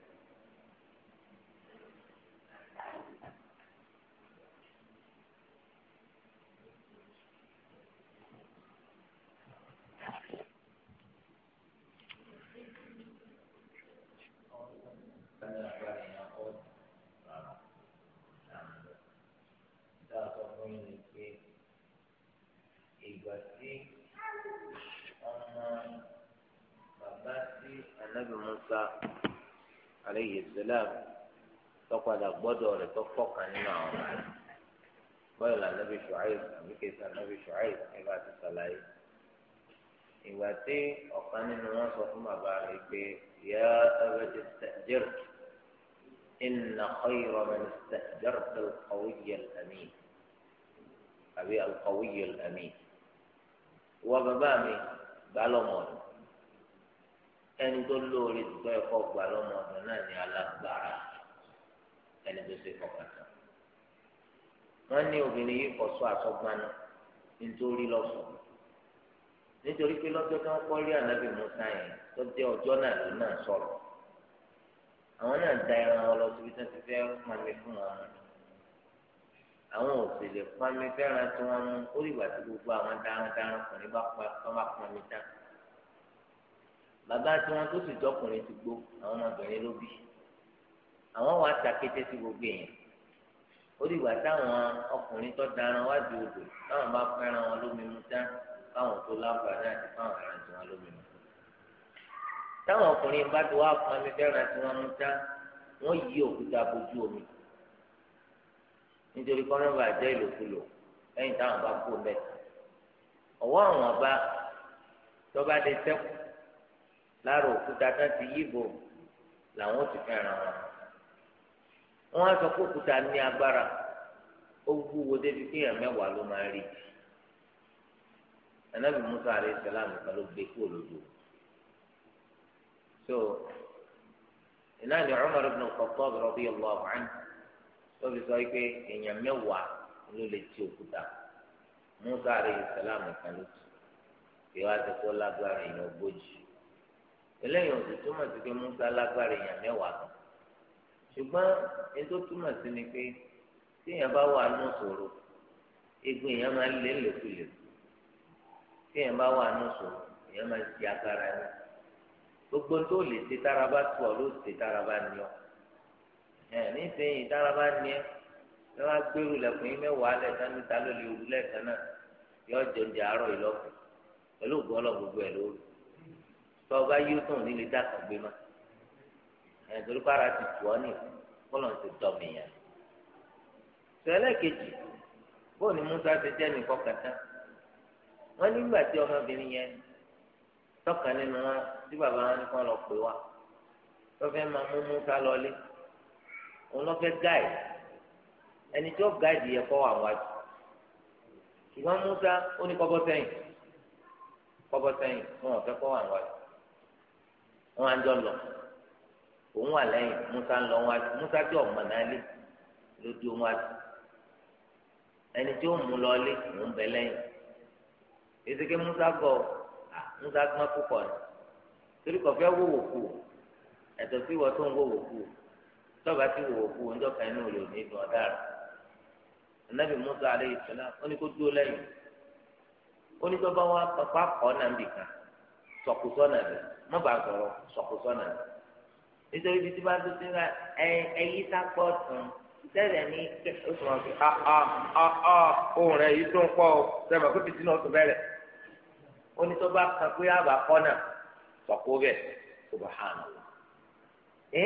Musa aleyhi salam tọ́padà gbọ́dọ̀ rẹ̀ tó kọ́kàn nínú àwọn ọmọ rẹ̀ bọ́ọ̀lù lànàbí Shu'aib àbí kẹsàn ànàbí Shu'aib nígbà tí sàlàyé ìgbà tí ọ̀kan nínú wọn sọ fún bàbá rẹ̀ pé ya abati ista'jarta inna khayra man ista'jarta al-qawiyya al-amin àbí al-qawiyya al-amin bàbá mi gbà lọ́mọdún ẹni tó lóore tó ẹ̀kọ́ gbà lọ́mọ ọ̀dọ̀ náà ní alágbára ẹni tó ṣe fọkàn tán. wọ́n ní obìnrin yìí kọ̀ sọ àsọgbánu nítorí lọ́sọ̀ nítorí pé lọ́jọ́ tó ń kọ́ rí ànábì Musa yẹn tó dé ọjọ́ náà ló náà sọ̀rọ̀ àwọn náà da ẹran wọn lọ síbi tó ti fẹ́ pami fún wọn mu àwọn ò lè pami fẹ́ràn tí wọ́n mú ó rí ìgbà tí gbogbo àwọn darandaran kùnrin bá pami tán bàbá tí wọn tó sì jọkùnrin ti gbó àwọn ọmọbìnrin ló bí àwọn wàá ta kété sí gbogbo èèyàn ó dìgbà táwọn ọkùnrin tó daran wá di odò táwọn bá fẹ́ràn wọn lómi mu tán káwọn tó láǹfààní àti káwọn aràn tí wọn lómi mu táwọn ọkùnrin bá ti wá fún ẹni fẹ́ràn tí wọn mu tán wọn yí òkúta bójú omi nítorí kọ́nọ́bà jẹ́ ìlòkulò lẹ́yìn táwọn bá kó bẹ́ẹ̀ ọ̀wọ́ àwọn ọba tọ́ba dé sẹ́kù lára òkúta tán ti yíbo làwọn ti fẹ́ràn wọn wọn á sọ pé òkúta ní agbára ó wúwo débi pé èèyàn mẹ́wàá ló máa rí anabi musa alayhi salam nìkan ló gbé kúrò lójú so iná ni Umar ibn al-Khattab radiyallahu sọ pé èèyàn ló lè ti òkúta musa alayhi ló ti kó lágbára eléyìí ọ̀sẹ̀ túmọ̀ sí pé musa lágbára èèyàn mẹ́wàá lọ ṣùgbọ́n ẹni tó túmọ̀ sí ni pé tí èèyàn bá wà nù sòrò egun èèyàn máa ń lé lòkulè tí èèyàn bá wà nù sòrò èèyàn máa ń di agbára ni gbogbo tó lè ṣe tára bá tù ọ ló ṣe tára ní ọ ẹ nísìnyí tára ní ẹ ẹ wá gbèrú lẹkùn yín mẹ́wàá lẹ sani ta ló lè wú lẹ́ẹ̀kan náà yọ jọ di àárọ̀ ìlọkùn pẹ̀lú ògbọlọ gbogbo ẹ lórí tó ọba yíyó tó ní lè dá kàgbé má ẹ̀yìn torí pàrọ̀ ti tù ọ́ nìyí kọ́lọ̀ ti tọ̀ mí yẹn. sọ̀rọ̀ kejì ni Musa ti jẹ́ nìkan kàtá wọ́n nígbà tí ọmọbìnrin yẹn tọ́ka nínú wọn tí bàbá wọn nìkan lọ pè wá tọ́fẹ́ máa mú Musa lọlé òun lọ́fẹ́ gáì ẹni tí ó gáìdì yẹ kọ́ wà wájú ṣùgbọ́n Musa ó ní kọ́bọ́ sẹ́yìn kọ́bọ́ sẹ́yìn wọn ò fẹ́ kọ́ wà wájú wọn á jọ lọ òun wà lẹ́yìn musa ń lọ wọn àti musa tí ọmọ náà lé ló di òun àti ẹni tí ó mú lọ lé òun bẹ lẹ́yìn ezeke musa gọ musa gbọn púpọ̀ ni torí kọfẹ wòwò kù ẹ̀tọ́ sí wọn tó ń wòwò kù tọba tí wòwò kù ń dọkàn inú rẹ ò ní dùn ọ̀daràn anabi musa aleyhi salam ó ní dúró lẹ́yìn ó ní tó bá wà kọ náà bìkan sọkùsọ náà bẹ́ẹ̀ má bàa sọ̀rọ̀ sọ̀kùsọ̀nà nítorí bí tí bá tó ti ra ẹyí sápọ̀ tán sẹ́rẹ̀ ní o sọ̀rọ̀ sí ọ ọ ọ ohun rẹ̀ yìí tó ń pọ̀ o sẹ́rẹ̀ kó tètè náà tó bẹ̀rẹ̀ onítọ́ bá kan pé àbá kọ́nà sọ̀kó bẹ̀ subhanallah ẹ́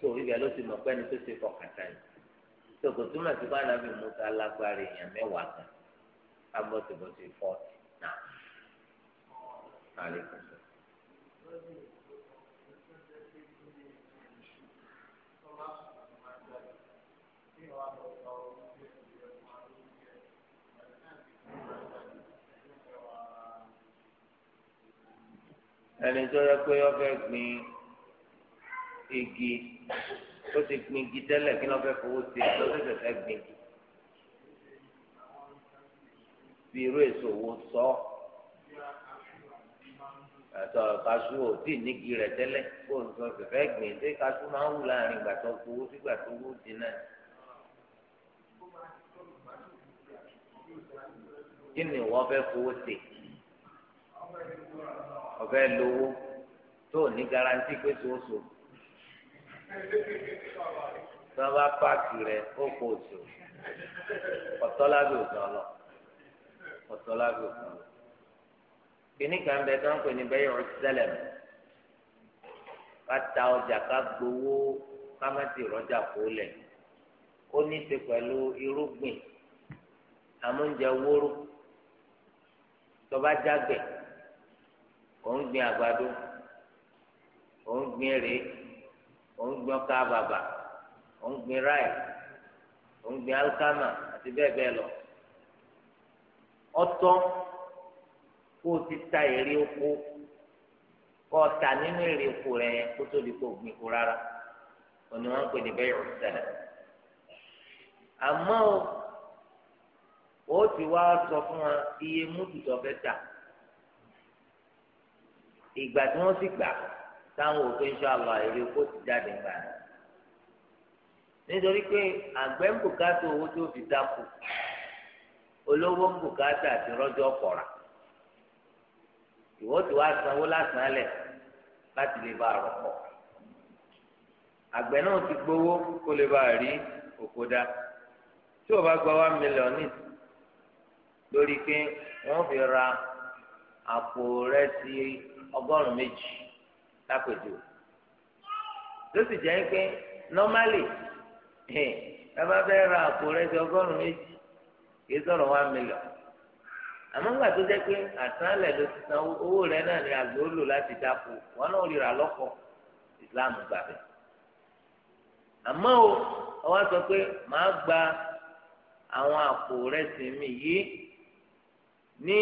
tó ibẹ̀ ló ti mọ̀ pé ẹni tó ti fọkàtà yìí tó kò túmọ̀ sí bá nàbì Musa lágbára èèyàn mẹ́wàá kan abọ́tìbọ́tì fọ́ọ̀tì náà ẹni tó yẹ pé ó fẹ́ gbin igi ó ti gbin igi tẹ́lẹ̀ kí ló fẹ́ fowó sí ẹ lọ́sẹ̀ fẹ́ gbin bí irú èso wo sọ. So
sọ̀rọ̀ kaṣú ò tí ì
nígi rẹ̀ tẹ́lẹ̀ kó o sọ fẹ́fẹ́ gbìn dé kaṣú máa ń wù láàrin ìgbà tó gbowó sígbà tó wó di náà.
kí ni wọ́n fẹ́ fowó ṣe ọ̀fẹ́ lówó
tó ní garanti pé sòsò
tí wọ́n bá pààkì rẹ̀ ó kó oṣù ọ̀tọ́ lábẹ́ òsàn
lọ ọ̀tọ́ lábẹ́ òsàn lọ. kìíní kan bẹ tó ń pè ní bẹ́yọ̀ sẹ́lẹ̀m ká ta ọjà ká gbowó ká má kó irugbin. ó ní ṣe pẹ̀lú irúgbìn amóúnjẹ wóró tọba jágbẹ̀ òun gbin àgbàdo òun gbin rèé òun gbin ọkà bàbà òun gbin ráì gbin alikama àti bẹ́ẹ̀ lọ kó o ti ta èrè oko kó o ta nínú èrè oko rẹ yẹn kó tó di kó o gbìn kó rárá òní wọn ń pè ní bẹ́ẹ̀ ọ̀sẹ̀lẹ̀ àmọ́ o ó ti wá sọ fún wa iye mútu tó fẹ́ tà ìgbà tí wọ́n sì gbà táwọn òfin ṣọ́ àlọ́ èrè oko ti jáde ńgbà nítorí pé àgbẹ̀ ń bùkátà owó tó fi dáko olówó ń bùkátà àti rọ́jò ọ̀pọ̀ra ìwọ́n ti wá sanwó lásán lẹ̀ láti lè bá àrọ̀ pọ̀ àgbẹ̀ náà ti gbowó kó lè bá rí òkò dá tí o bá gba one million ní lórí pé wọ́n fi ra àpò rẹ̀ sí ọgọ́rùn-ún méjì lápèjọ tó sì jẹ́ pé normally ẹ bá fẹ́ ra àpò rẹ̀ sí ọgọ́rùn-ún méjì kì í sọ̀rọ̀ one million àmọ́ ńgbà tó jẹ́ pé àtàlẹ̀ ló ti san owó rẹ̀ náà ni àgbẹ̀ ó lò láti dáko wọn náà rírà lọ́kọ̀ Islam gbà bẹ́ẹ̀. àmọ́ o ọwọ́ sọ pé màá gba àwọn àpò rẹ̀ sí mi yìí ní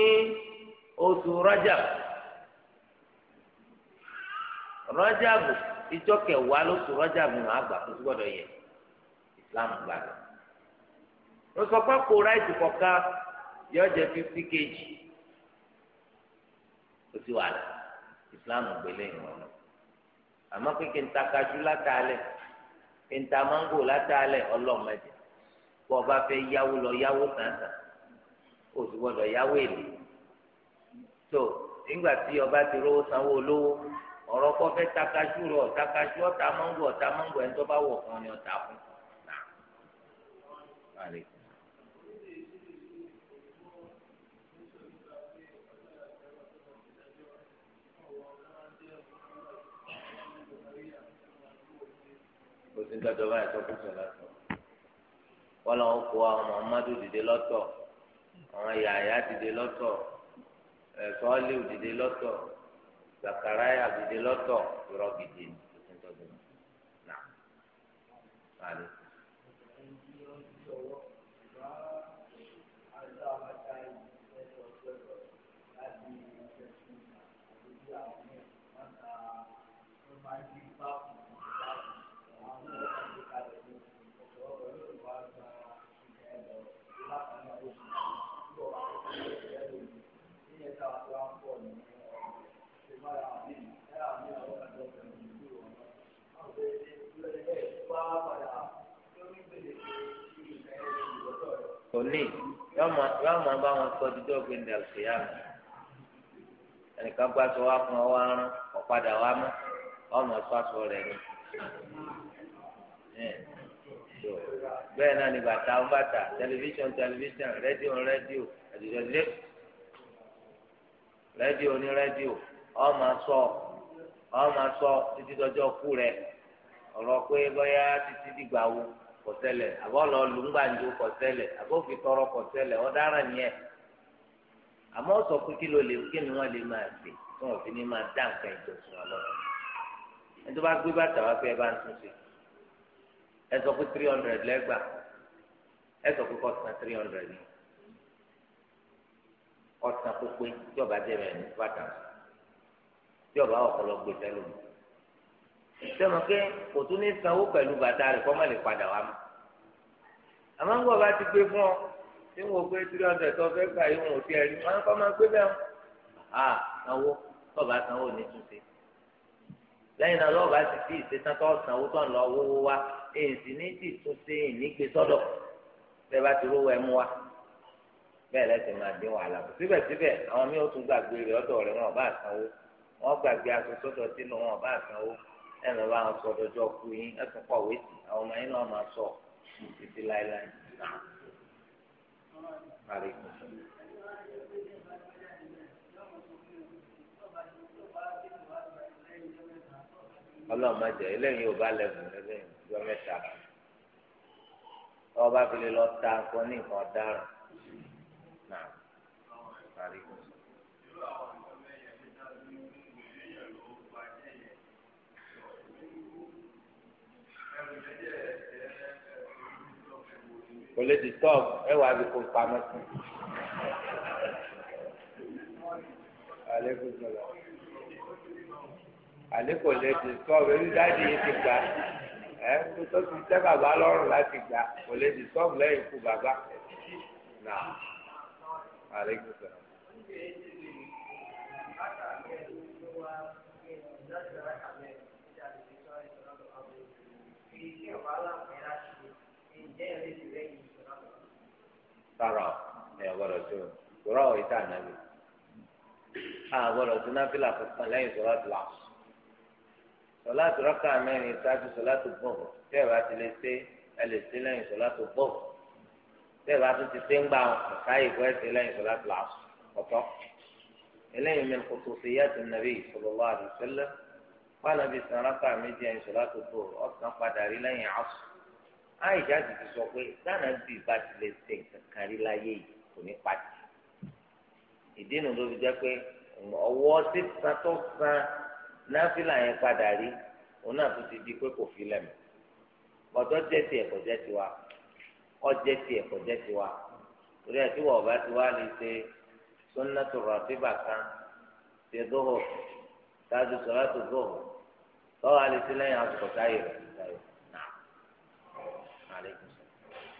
oṣù Rajab Rajab ìjọ kẹwàá lóṣù Rajab màá gbà tó gbọ́dọ̀ yẹ Islam gbà bẹ́ẹ̀. mo sọ pé àpò ráìtì kọ̀ọ̀kan. yóò jẹ fifty kg kò sí wàhálà islam gbélé ìwọ̀n lọ pé kí n ta kajú látàálẹ̀ ta mango ọlọ́mọdé kó o bá yáwó lọ yáwó tàǹtà o sì gbọ́dọ̀ yáwó èlé tó tí ọba ti rówó sanwó olówó ọrọ kọ́ ta mango ọta mango bá
nígbàjọba ìsọkúsọ lásán
wọn làwọn kó àwọn muhammadu dìde lọ́tọ̀ àwọn yàyà dìde lọ́tọ̀ sọọliu dìde lọ́tọ̀ zakaraya dìde lọ́tọ̀ irọ́ gidi ní tuntun tó náà.
kò ní yọọ baa bá wọn sọ
dídọ́ gbé ní àlùfíàmù ẹnìkan gba sọ wá fún ọ wá ọ̀padà wá mọ́ ọmọ sọ́sọ rẹ̀ ni
bẹ́ẹ̀ náà ni bàtà ń bàtà tẹlifíṣàn
tẹlifíṣàn rédíò rédíò àdìdọ́lé rédíò ní rédíò ọmọ sọ ọmọ sọ títí dọjọ́ kú rẹ ọ̀rọ̀ pé bóyá títí dìgbà wo. kọsẹlẹ àbọ lọ lùgbàǹjo kọsẹlẹ àbọ fi tọrọ kọsẹlẹ ọ̀daràn yẹn àmọ́ sọ pé kí ló kí ni wọn lè máa ṣe tí wọn fi ní máa dá nǹkan ìjọsìn Ọlọ́run ẹni tó bá gbé bàtà wá pé ẹ bá ń tún ṣe ẹ sọ pé three hundred lẹgbàá ẹ sọ pé three hundred ni ọsàn pípé tí ọba jẹ mẹ́rin bàtà tí ọba ọpọlọ gbé tẹlómi sẹ́wọ̀n pé kò tún ní sanwó pẹ̀lú bàtà rẹ̀ kọ́ má lè padà wá mọ́ àmọ́ ń gbọ́ bá ti gbé fún ọ tí wọ́n gbé three hundred tó fẹ́ gbà yóò wọ́n ti ẹ̀rí wọn kọ́ máa gbé bẹ́ẹ̀ à sanwó lọ́ọ̀bá sanwó ní túnṣe lẹ́yìn náà lọ́ọ̀bá ti fi ìṣetán tó sanwó tó ń lọ wówó wá èyí sì ní ti túnṣe ìnígbé sọ́dọ̀ bẹ́ẹ̀ bá ti rówó ẹ mú wa bẹ́ẹ̀ lẹ́sẹ̀ máa dín wàhálà kù síbẹ̀síbẹ̀ àwọn mí ó tún gbàgbé rẹ̀ ọ̀dọ̀ rẹ̀ wọn ò bá sanwó wọn gbàgbé aṣọ sọ́dọ̀ sínú wọn ò bá sanwó ẹ lọ bá wọn sọ ọdọjọ kú yín ẹ tún kọ wéètì àwọn ọmọ yín náà máa sọ títí
láéláé náà. ọlọ́run má jẹ́ eléyìí ò bá lẹ́gùn
lẹ́gùn ìjọ mẹ́ta ọba fi lè lọ ta akọ ní nǹkan ọ̀daràn náà. kò lè di tọ́ọ̀bù ẹ wà á di kó pamọ́ sí.
àlékún sọlọ àlékún lè di tọ́ọ̀bù ẹni dáàdi yìí ti gbà ẹ tó ti tẹ́ bàbá lọ́rùn láti gbà kò lè di
tọ́ọ̀bù lẹ́yìn ikú bàbá náà àlékún rárá o ẹ gbọ́dọ̀ tó ìrọ ọ ìta ànábì a gbọ́dọ̀ tó náfìlà kankan lẹ́yìn sọlá tó la sọlá tó rọkà mẹ́rin ṣáájú sọlá tó bọ tẹ ẹ bá ti lè ṣe ẹ lè ṣe lẹ́yìn sọlá tó bọ tẹ ẹ bá tó ti ṣe ń gbà káyè kọ ẹ ṣe lẹ́yìn sọlá tó la ọ̀tọ̀ eléyìí mi kò tó ṣe yàtọ̀ nàbí sallallahu alaihi wasallam wọn nàbí sọlá kà méjì ẹ̀yìn sọlá tó bọ ọkàn padà rí lẹ́yìn àṣù. ha ija ti sọ pé dáná bí ìbá ti lè ṣe nǹkan kan rí láyé yìí kò ní pàtì ìdí ló fi pé san náfìlà yẹn padà rí òun náà ti di pé kò fi lẹ̀mí ọjọ́ jẹ́ ti jẹ́ wa ọjẹ́ ti ẹ̀kọ́ jẹ́ ti wa torí ẹ̀ tí wọ́n bá ti wá lè ṣe kan ṣe ṣáájú tó tọ́wọ́ àlè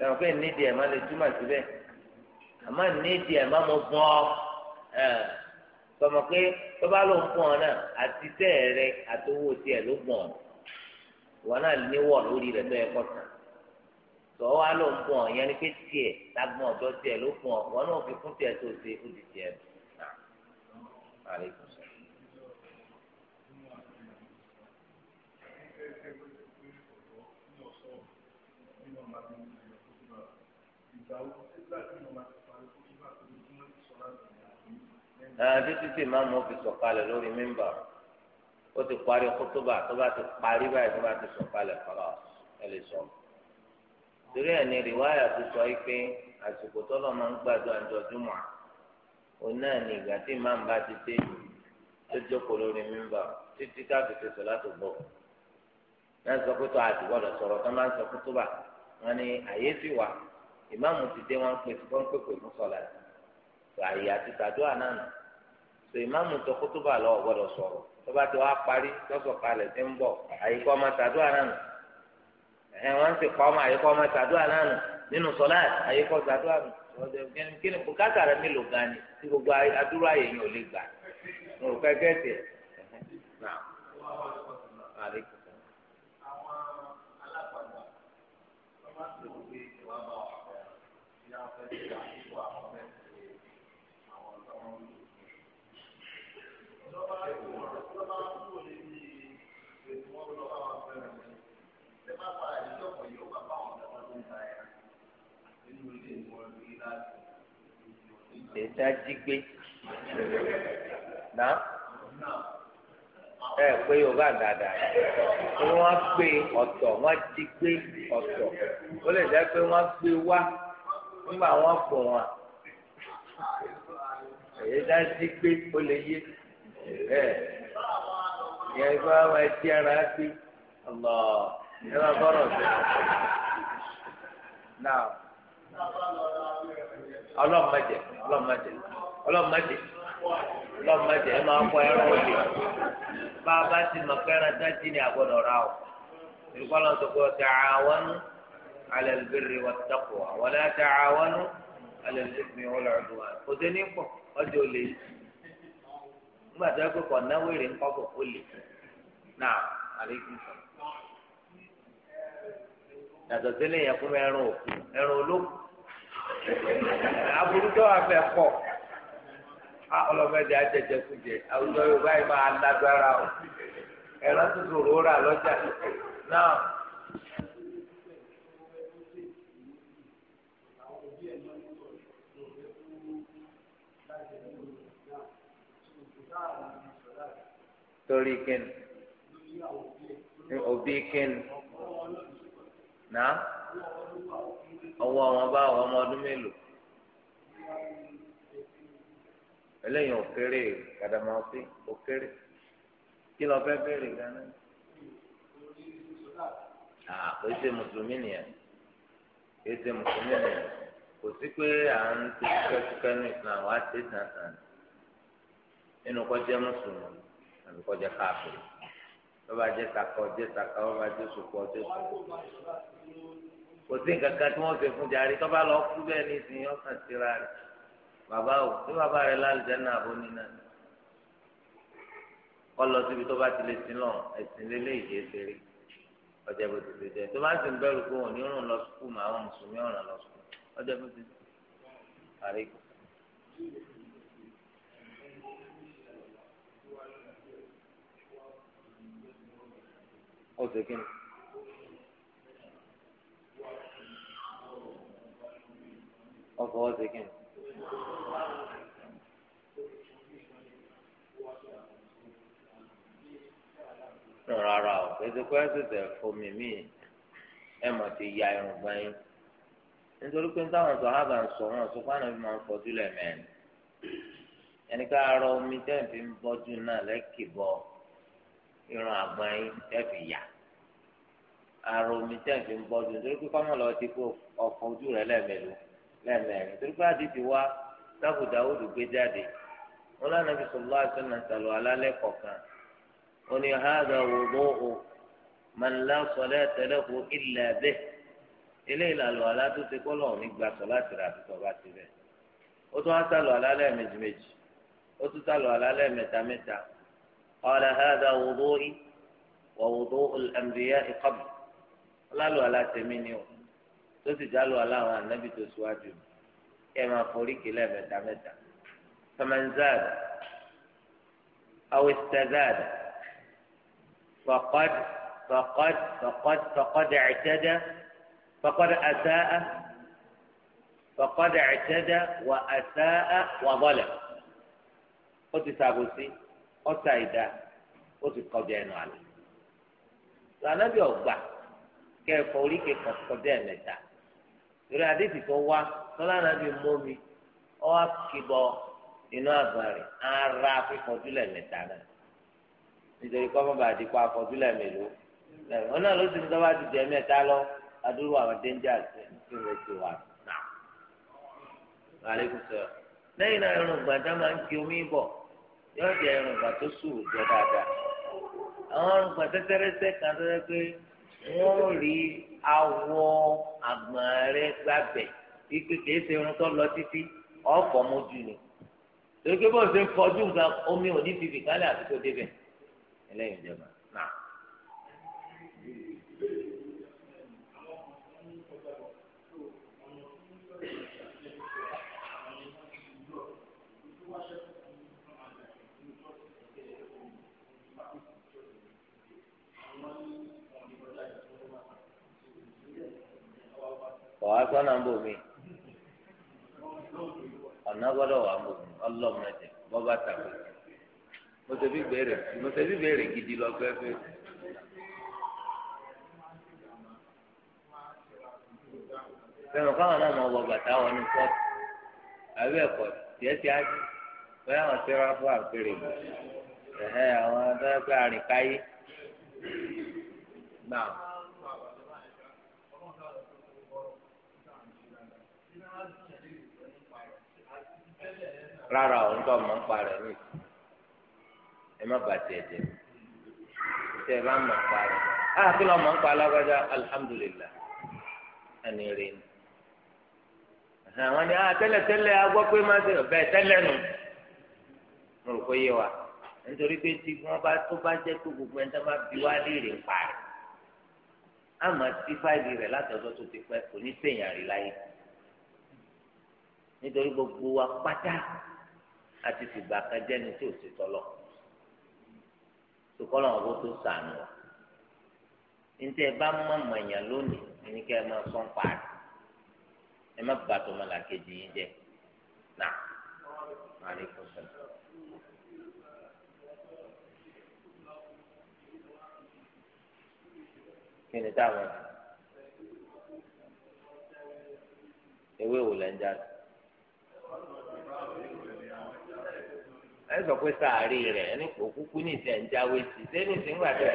sọ pé nídìí ẹ̀ má lè túmọ̀ síbẹ̀ àmọ́ nídìí ẹ̀ má mo fún ọ sọmọ pé tó bá ló ń fún ọ náà àti tẹ́ ẹ rẹ àtowó tiẹ̀ ló gbọ̀n ìwọ náà níwọ̀ lórí rẹ̀ tó yẹ kọ́ tán sọ wá ló ń fún ọ yẹn ni pé tiẹ̀ lágbọ̀n ọ̀dọ́ tiẹ̀ ló fún ọ ìwọ náà fi fún tiẹ̀ tó ṣe ó di tiẹ̀ nù.
títí tí màmú
fi sọ̀kalẹ̀ lórí mímbà ó ti parí kótóbà tó bá ti parí báyìí tó bá ti sọ̀kalẹ̀ fara ẹ lè sọ. torí ẹ̀ ní rìwáyà tó sọ yìí pé àsìkò tọ́lọ̀ máa ń gbàdúrà jọjúmọ́ òun náà ní ìgbà tí màmú bá ti dé tó jókòó lórí mímbà títí káfí ti sọ láti bọ̀. náà sọ pé tó àti gbọ́dọ̀ sọ̀rọ̀ tó máa ń sọ kótóbà wọn ni àyè sì wà ìmáàmù ti dé wọn pè wọn pè pè fún sọlá tó àyè àti tàdúrà náà nà tó ìmáàmù tó kótóbà lọ gbọ́dọ̀ sọ̀rọ̀ tó bá ti wá parí lọsọ kalẹ̀ tí ń bọ̀ àyíkọ ọmọ tàdúrà náà nà ẹ wọn ti pa ọmọ àyíkọ ọmọ tàdúrà náà nà nínú sọlá àyíkọ tàdúrà nà kí ni bùkátà rẹ mélòó gan ni tí gbogbo adúrò àyè yẹn ò lè gbà mo rò kẹkẹ tiẹ̀. Alaikum. tẹ̀sí ajígbé
náà ẹ pé yorùbá dáadáa ni wọ́n gbé
ọ̀tọ̀ wọ́n jí ọ̀tọ̀ ó lè jẹ́ pé wọ́n gbé wá ńgbà wọn fò wọn èyí dá sí pé lè yé ìfọ àwọn ẹtí ara ẹ bá bọrọ sí náà
ọlọmọdé ọlọmọdé ọlọmọdé ọlọmọdé ẹ máa kọ ẹrọ òde
bá a bá ti mọ pé ẹran o على البر والتقوى ولا تعاونوا على الإثم والعدوان وذني أجل لي ما تقول قلنا ويرين قفو كل نعم عليكم السلام yàtọ̀ sílẹ̀ yẹn fún ẹran òkú ẹran olókù aburú tó wà fẹ́ pọ̀ ọlọ́mọdé àwùjọ yorùbá yìí máa lágbára o ẹran tuntun rò rà lọ́jà náà. torí kíni
òbí kíni
náà ọwọ́ wọn bá àwọn ọmọ ọdún mélòó eléyìí kí lọ fẹ́ gánà kò ṣe mùsùlùmí nìyẹn kò ṣe mùsùlùmí nìyẹn kò sí pé à ń ìsìn àwọn àbí kọjá káàkiri lọba jẹ saka ọjẹ saka ọba jẹ sùkú ọjẹ sùkú kò sí nǹkan kan tí wọn fi fún jàre tọba lọ kú bẹ́ẹ̀ ní ìsìn ọkàn síra rẹ bàbá o ní bàbá rẹ lálùjẹ náà ó ní náà kọlọ síbi tó bá ti lè sin lọ ẹsìn lélẹ ìyè ṣeré ọjọ́ bó ti ṣe jẹ tó bá sì ń bẹ̀rù pé òun ní rùn lọ sùkú mà àwọn mùsùlùmí ọ̀ràn lọ sùkú ọjọ́ bó ti ṣe àríkù. ọ̀sẹ̀ kìíní. ọkọ̀ ọ̀sẹ̀ kìíní.
rárá o kẹsìkọ ẹsẹsẹ
fomi mi ẹ mọ̀ ti ya irun gbẹ́yìn nítorí pé táwọn sọ̀hábà ń sọ wọn sọ fáwọn ẹbí máa ń fọjú ẹni ká rọ omi tẹ́ǹfì ń bọ́jú náà irun àgbọn yín tẹ́fì yà ara omi tẹ́fì ń bọ́ dùn torí pé lọ ti kó ọkọ̀ ojú rẹ lẹ́ẹ̀mẹ́lú lẹ́ẹ̀mẹ́rin torí pé àdìdì wa sábò dáwọ́dù gbé jáde wọn lánàá fi sọ̀rọ̀ láti ọ̀nà ìsàlọ̀ alálẹ́ kọ̀ọ̀kan ni hàdà wòlò o màlá sọlẹ̀ tẹ́lẹ̀ ilẹ̀ bẹ́ẹ̀ alá قال هذا وضوئي ووضوء الأنبياء قبل لا لا لا تمينيو تسجلوا على النبي تسواجه كما فوريك لا متى متى فمن زاد أو استزاد فقد فقد فقد فقد اعتدى فقد أساء فقد اعتدى وأساء وظلم قلت سابوسي ọta ìdá ó ti kọjá ẹnu àlẹ lànàbí ọgbà kẹfọ oríkè kọjá ẹ̀mẹ́ta lórí adéjì tó wá tọ́lá mọ́mi ọ́ kìbọ inú àgbà ara fífọ́jú lẹ́mẹ̀ta náà nítorí kọ́ bàbá àdìpá afọ́jú ló ti lọ àwọn dẹ́njà tó ń retí wa náà.
lẹ́yìn náà gbàdá
máa ń omi bọ̀. yóò jẹ irun ìgbà tó sùúrù jọ dáadáa àwọn irun ìgbà tẹ́tẹ́rẹ́sẹ́ kan tó yẹ pé wọ́n rí awọ àgbọ̀n rẹ gbàgbẹ́ ike kìí ṣe irun tó lọ títí ọ̀fọ̀ mojú ni torí pé bó ṣe ń fọdún nǹkan omi ò ní fi fìkálẹ̀ àti kó débẹ̀ ẹlẹ́yìn ìjọba.
ọ̀wá sọ́nà ń bò mí
ọ̀nà gbọ́dọ̀ wà ń bò mí bọ́bá
tàbí gidi lọ fẹ́fẹ́. sẹ́nu káwọn náà máa wọ bàtà wọn ní kọ́ọ̀tù
àbí ẹ̀kọ́ tiẹ̀ ti á jù bẹ́ẹ̀ àwọn fún àpèrè bò ẹ̀hẹ́ àwọn
rárá òun tó mọ̀ ń pa rẹ̀
ní ìsìn ẹ má bàtẹ̀ ẹ̀jẹ̀
tẹ ẹ bá mọ̀ ń pa rẹ̀ á kí lọ́ mọ̀ ń pa
alágbájá alihamudulilayi ẹni rẹ̀ ni àwọn ni á tẹ́lẹ̀ tẹ́lẹ̀ agbọ́ pé má ṣe bẹ́ẹ̀ tẹ́lẹ̀ nù mo rò pé yé wa nítorí pé tí wọ́n bá tó bá jẹ́ tó gbogbo ẹni tó bá bí wá léèrè ń pa rẹ̀ á máa ti fáìlì rẹ̀ látọ̀dọ̀ tó ti pẹ́ kò ní sèyàn rí láyé nítorí gbogbo wa àti fìgbà kan jẹ́ni tí ò ti tọ́lọ̀ sùkọ́lọ̀ ọ̀bọ tó sànù ọ́ níta ẹ bá mọ mọ̀nyàn lónìí ẹni kẹ́ ẹ máa sọ́n parí ẹ má bàtọ́ ọmọlàkejì yín jẹ́ náà má lè kó kí ni táwọn ewé wò lẹ́ ń
ẹ sọ pé sàárè
rẹ ẹni kò kúkú ní ìsẹ̀ ń jáwé sí ṣé ní ìsìn gbà tẹ̀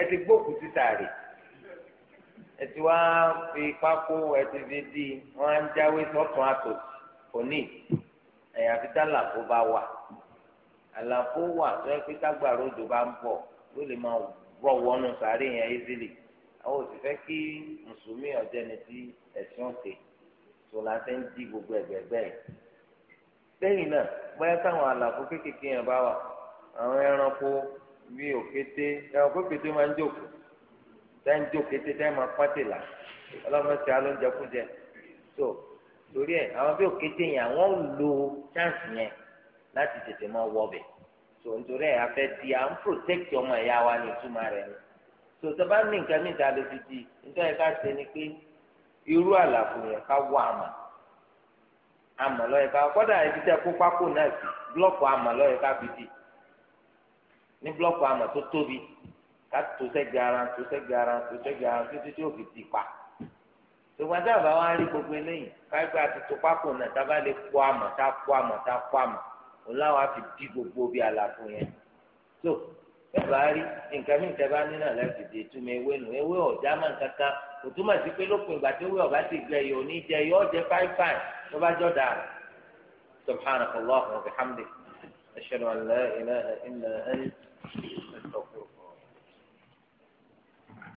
ẹ ti gbókùú sí sàárè ẹ ti wá fi pákó ẹ ti fi di wọn á ń jáwé sọ́tún àtòsí òní ẹ̀yà fi dá làkó bá wà àlàfo wà tó ẹ pé tágbàrá òjò bá ń bọ̀ ló lè máa rọ̀ wọnú sàárè yẹn ézìlì àwọn òsì fẹ́ kí mùsùlùmí ọ̀jẹ̀ni tí ẹ̀sìn ọ̀sẹ̀ tó la ṣe ń di gbogbo ẹ̀gbẹ̀gbẹ̀ yìí lẹ́yìn náà bóyá táwọn àlàfo kéékèèké yẹn bá wà àwọn ẹranko bí òkété ẹranko kété máa ń jòkó tẹ́ ń jòkó kété tẹ́ máa pátì là ọlọ́mọ sí alóúnjẹ kújẹ tó torí ẹ̀ àwọn bí òkété yẹn àwọn ò lo chance yẹn láti tètè máa wọ ọbẹ̀ tó nítorí ẹ̀ afẹ́ di à ń protect ọmọ ìyá wa ní ìtumọ̀ rẹ̀ ni tó tó bá ní nǹkan mìíràn lè fi di nítorí ká ṣe ni pé irú àlàfo yẹn ká wọ àmà àmà lọ́yẹ ká kọ́dà ibi tẹ́ kó pákó náà sí blọ́ọ̀kù àmà lọ́yẹ ká fi dì ní blọ́ọ̀kù àmà tó tóbi ká tó sẹ́gbẹ̀ ara tó sẹ́gbẹ̀ ara tó sẹ́gbẹ̀ ara títí tí ó fi dì pa ṣùgbọ́n tá a bá wá rí gbogbo eléyìí káyọ̀pé àti tó pákó náà tá lè kó àmà tá kó àmà tá kó àmà òun láwa fi dì gbogbo bí àlàfo yẹn tó bẹ́ẹ̀ rí nǹkan mi nǹkan bá nínú àlàyé ti túmọ̀ ewé nù ewé ọ̀já máa ń kankan kò túmọ̀ sí pé lópin ìgbà tí ewé ọ̀bá ti gbẹ yìí òní jẹ yìí ọ̀jẹ̀ fáìfáì tó bá jọ dà rẹ̀ subhanahu wa rahmatulahi